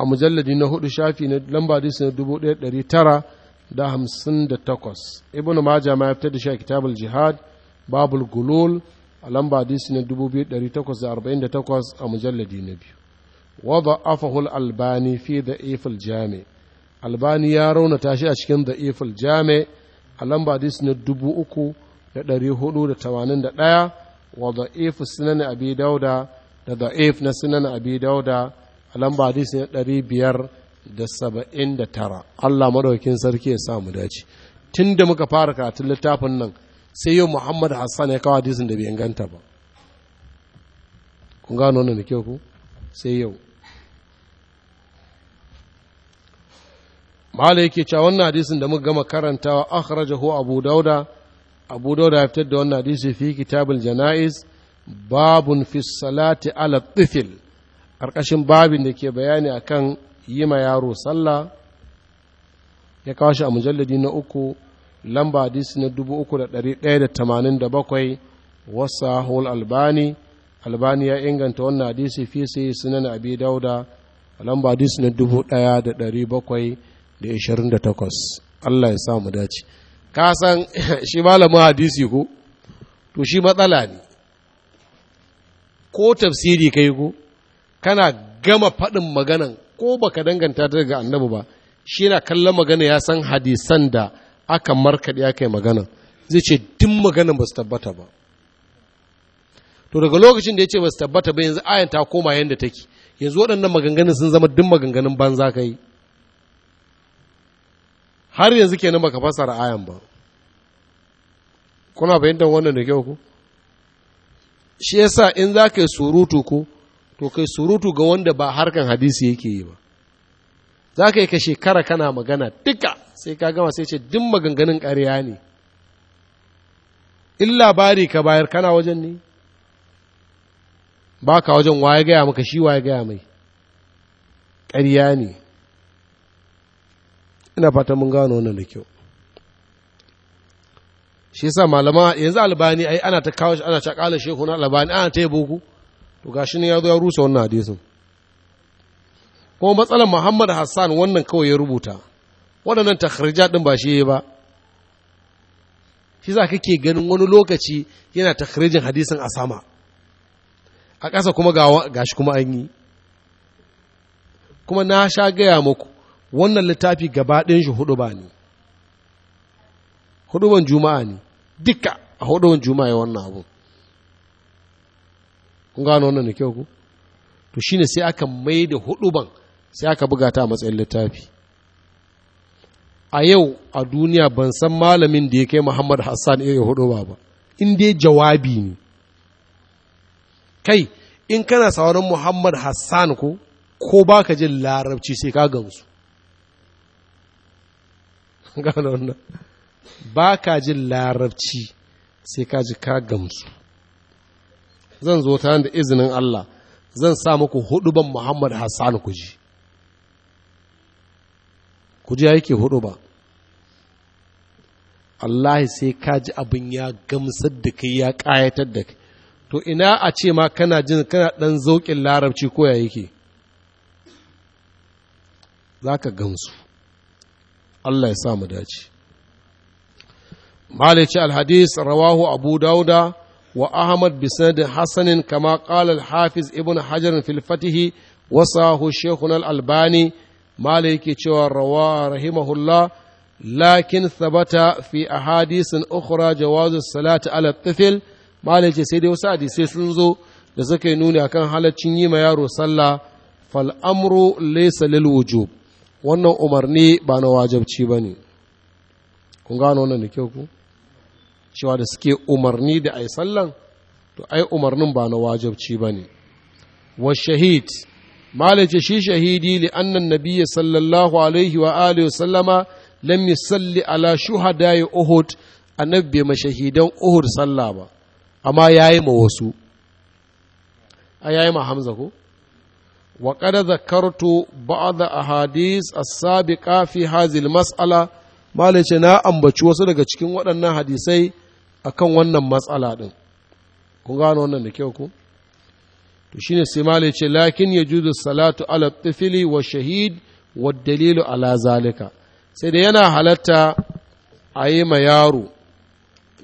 a mujalladi na hudu shafi na lamba na dubu ɗaya ɗari tara da hamsin da takwas ibn majah ma ya fitar da shi a kitabul jihad babul gulul a lamba hadisi na 2848 a mujalladi na biyu wadda afahul albani fi da ifil jami albani ya raunata shi a cikin da ifil jami a lamba hadisi na 3481 wadda ifil sunan abi dauda da if na sunan abi dauda a lamba hadisi na 579 Allah madaukin sarki ya samu dace tun da muka fara karatun littafin nan sai yau muhammad hassan ya kawo hadisin da bai inganta ba kun gano wannan da ku sai yau mahala yake cewa wannan hadisin da muka gama karantawa akhrajahu abu dauda abu dauda ya fitar da wannan hadisi fi kitabul janaiz babun fi salati ala tifil karkashin babin da ke bayani akan yi ma yaro sallah ya kawo shi a mujalladi na uku lamba hadisi na 3187 wasa hul albani albani ya inganta wannan hadisi fi sai sunan abi dauda lamba hadisi na takwas Allah ya samu dace ka san (coughs) shi malamin hadisi ko to shi matsala ne ko tafsiri kai ko kana gama faɗin maganan ko baka danganta daga annabi ba shi yana kallon magana ya san hadisan da aka markaɗe aka yi magana zai ce duk magana ba su tabbata ba to daga lokacin da ya ce ba su tabbata ba yanzu ayan ta koma yadda take yanzu waɗannan maganganun sun zama duk maganganun banza ka yi har yanzu kenan baka fasara ayan ba kuna fahimtar wannan da kyau ku shi yasa in za ka yi surutu ko to kai surutu ga wanda ba harkan hadisi yake yi ba za ka yi ka shekara kana magana duka sai ka gama sai ce duk maganganun ƙarya ne in labari ka bayar kana wajen ne ba ka wajen waye gaya maka shi waye gaya mai ƙarya ne ina fata mun gano wannan da kyau shi yasa malama yanzu albani ai ana ta kawo ana ta kala shehu na albani ana ta yabo ku to gashi ne ya zo ya rusa wannan hadisin kuma matsalar Muhammad Hassan wannan kawai ya rubuta waɗannan takharja ɗin ba shi yi ba shi za kake ganin wani lokaci yana takharijin hadisin a sama a ƙasa kuma ga shi kuma an yi kuma na sha gaya muku wannan littafi gabaɗin shi hudu ba ne ban juma'a ne duka a ban juma'a ya wannan abu kun gano wannan da kyau ku to shine sai aka mai da ban sai aka buga ta a matsayin littafi a yau a duniya ban san malamin da ya kai muhammad hassan iya hudu ba ba in dai jawabi ne kai in kana sauran muhammad hassan ko ko ba ka jin larabci sai ka gamsu ba ka jin larabci sai ka ji ka gamsu zan zo ta da izinin allah zan sa muku hudu ban muhammad hassan ku ji ku ji yake hudu ba Allahi sai ka ji abin ya gamsar da kai ya kayatar da kai to ina a ce ma kana jin kana ɗan zauƙin larabci ko ya yake za ka gamsu Allah ya sa mu dace مالك الحديث رواه أبو داود وأحمد بسند حسن كما قال الحافظ ابن حجر في الفتح وصاه شيخنا الألباني mala yake cewa rawa rahimahullah lakin sabata fi ahadisin ukhra jawazu salati ala tifil mala yake sai dai wasu hadisai sun zo da suka yi nuni akan halaccin yi ma yaro sallah fal amru laysa lil wujub wannan umarni ba na wajabci bane kun gano wannan da kyau ku cewa da suke umarni da ai sallan to ai umarnin ba na wajabci bane wa shahid malace shi shahidi li annan nabiyya sallallahu alaihi wa alihi sallama lam yusalli ala shuhadai uhud annabi ma shahidan uhud sallah ba amma yayi ma wasu a yayi ma hamza ko wa qad zakartu ba'd ahadith as-sabiqa fi hadhihi al-mas'ala malace na ambaci wasu daga cikin waɗannan hadisai akan wannan matsala ɗin. kun gano wannan da kyau ko to shine sai malai ce lakin yajuzu salatu ala tifli wa shahid wa dalilu ala zalika sai da yana halatta a yi ma yaro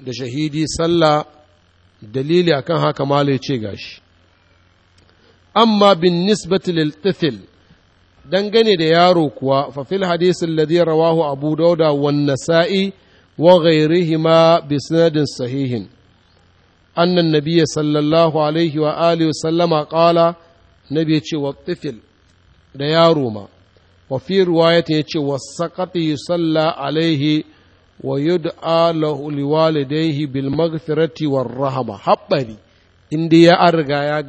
da shahidi sallah dalili akan haka malai ce gashi amma bin nisbati lil tifl dangane da yaro kuwa fa hadisin hadith rawahu abu dauda wa nasa'i wa ghayrihima bi sanadin sahihin annan nabiya sallallahu alaihi wa alihi sallama ƙala nabi ya ce wa da yaro ma wa fi riwayata ya ce wa saƙati salla wa yud'a lahu liwalidayhi bil maghfirati war rahama habbari inda ya an ya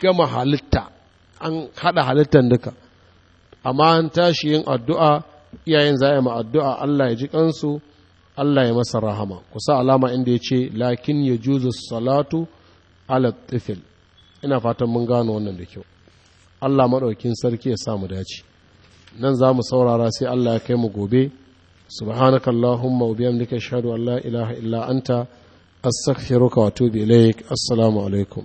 gama halitta an haɗa halittar duka amma an tashi yin addu'a iyayen za ma addu'a Allah ya ji kansu Allah ya masa rahama kusa alama inda ya ce lakin ya juzu salatu ala tifil ina fatan mun gano wannan da kyau Allah maɗaukin sarki ya samu dace nan za mu saurara sai Allah ya kai mu gobe سبحانك اللهم وبحمدك اشهد ان لا اله الا انت wa واتوب اليك السلام alaikum.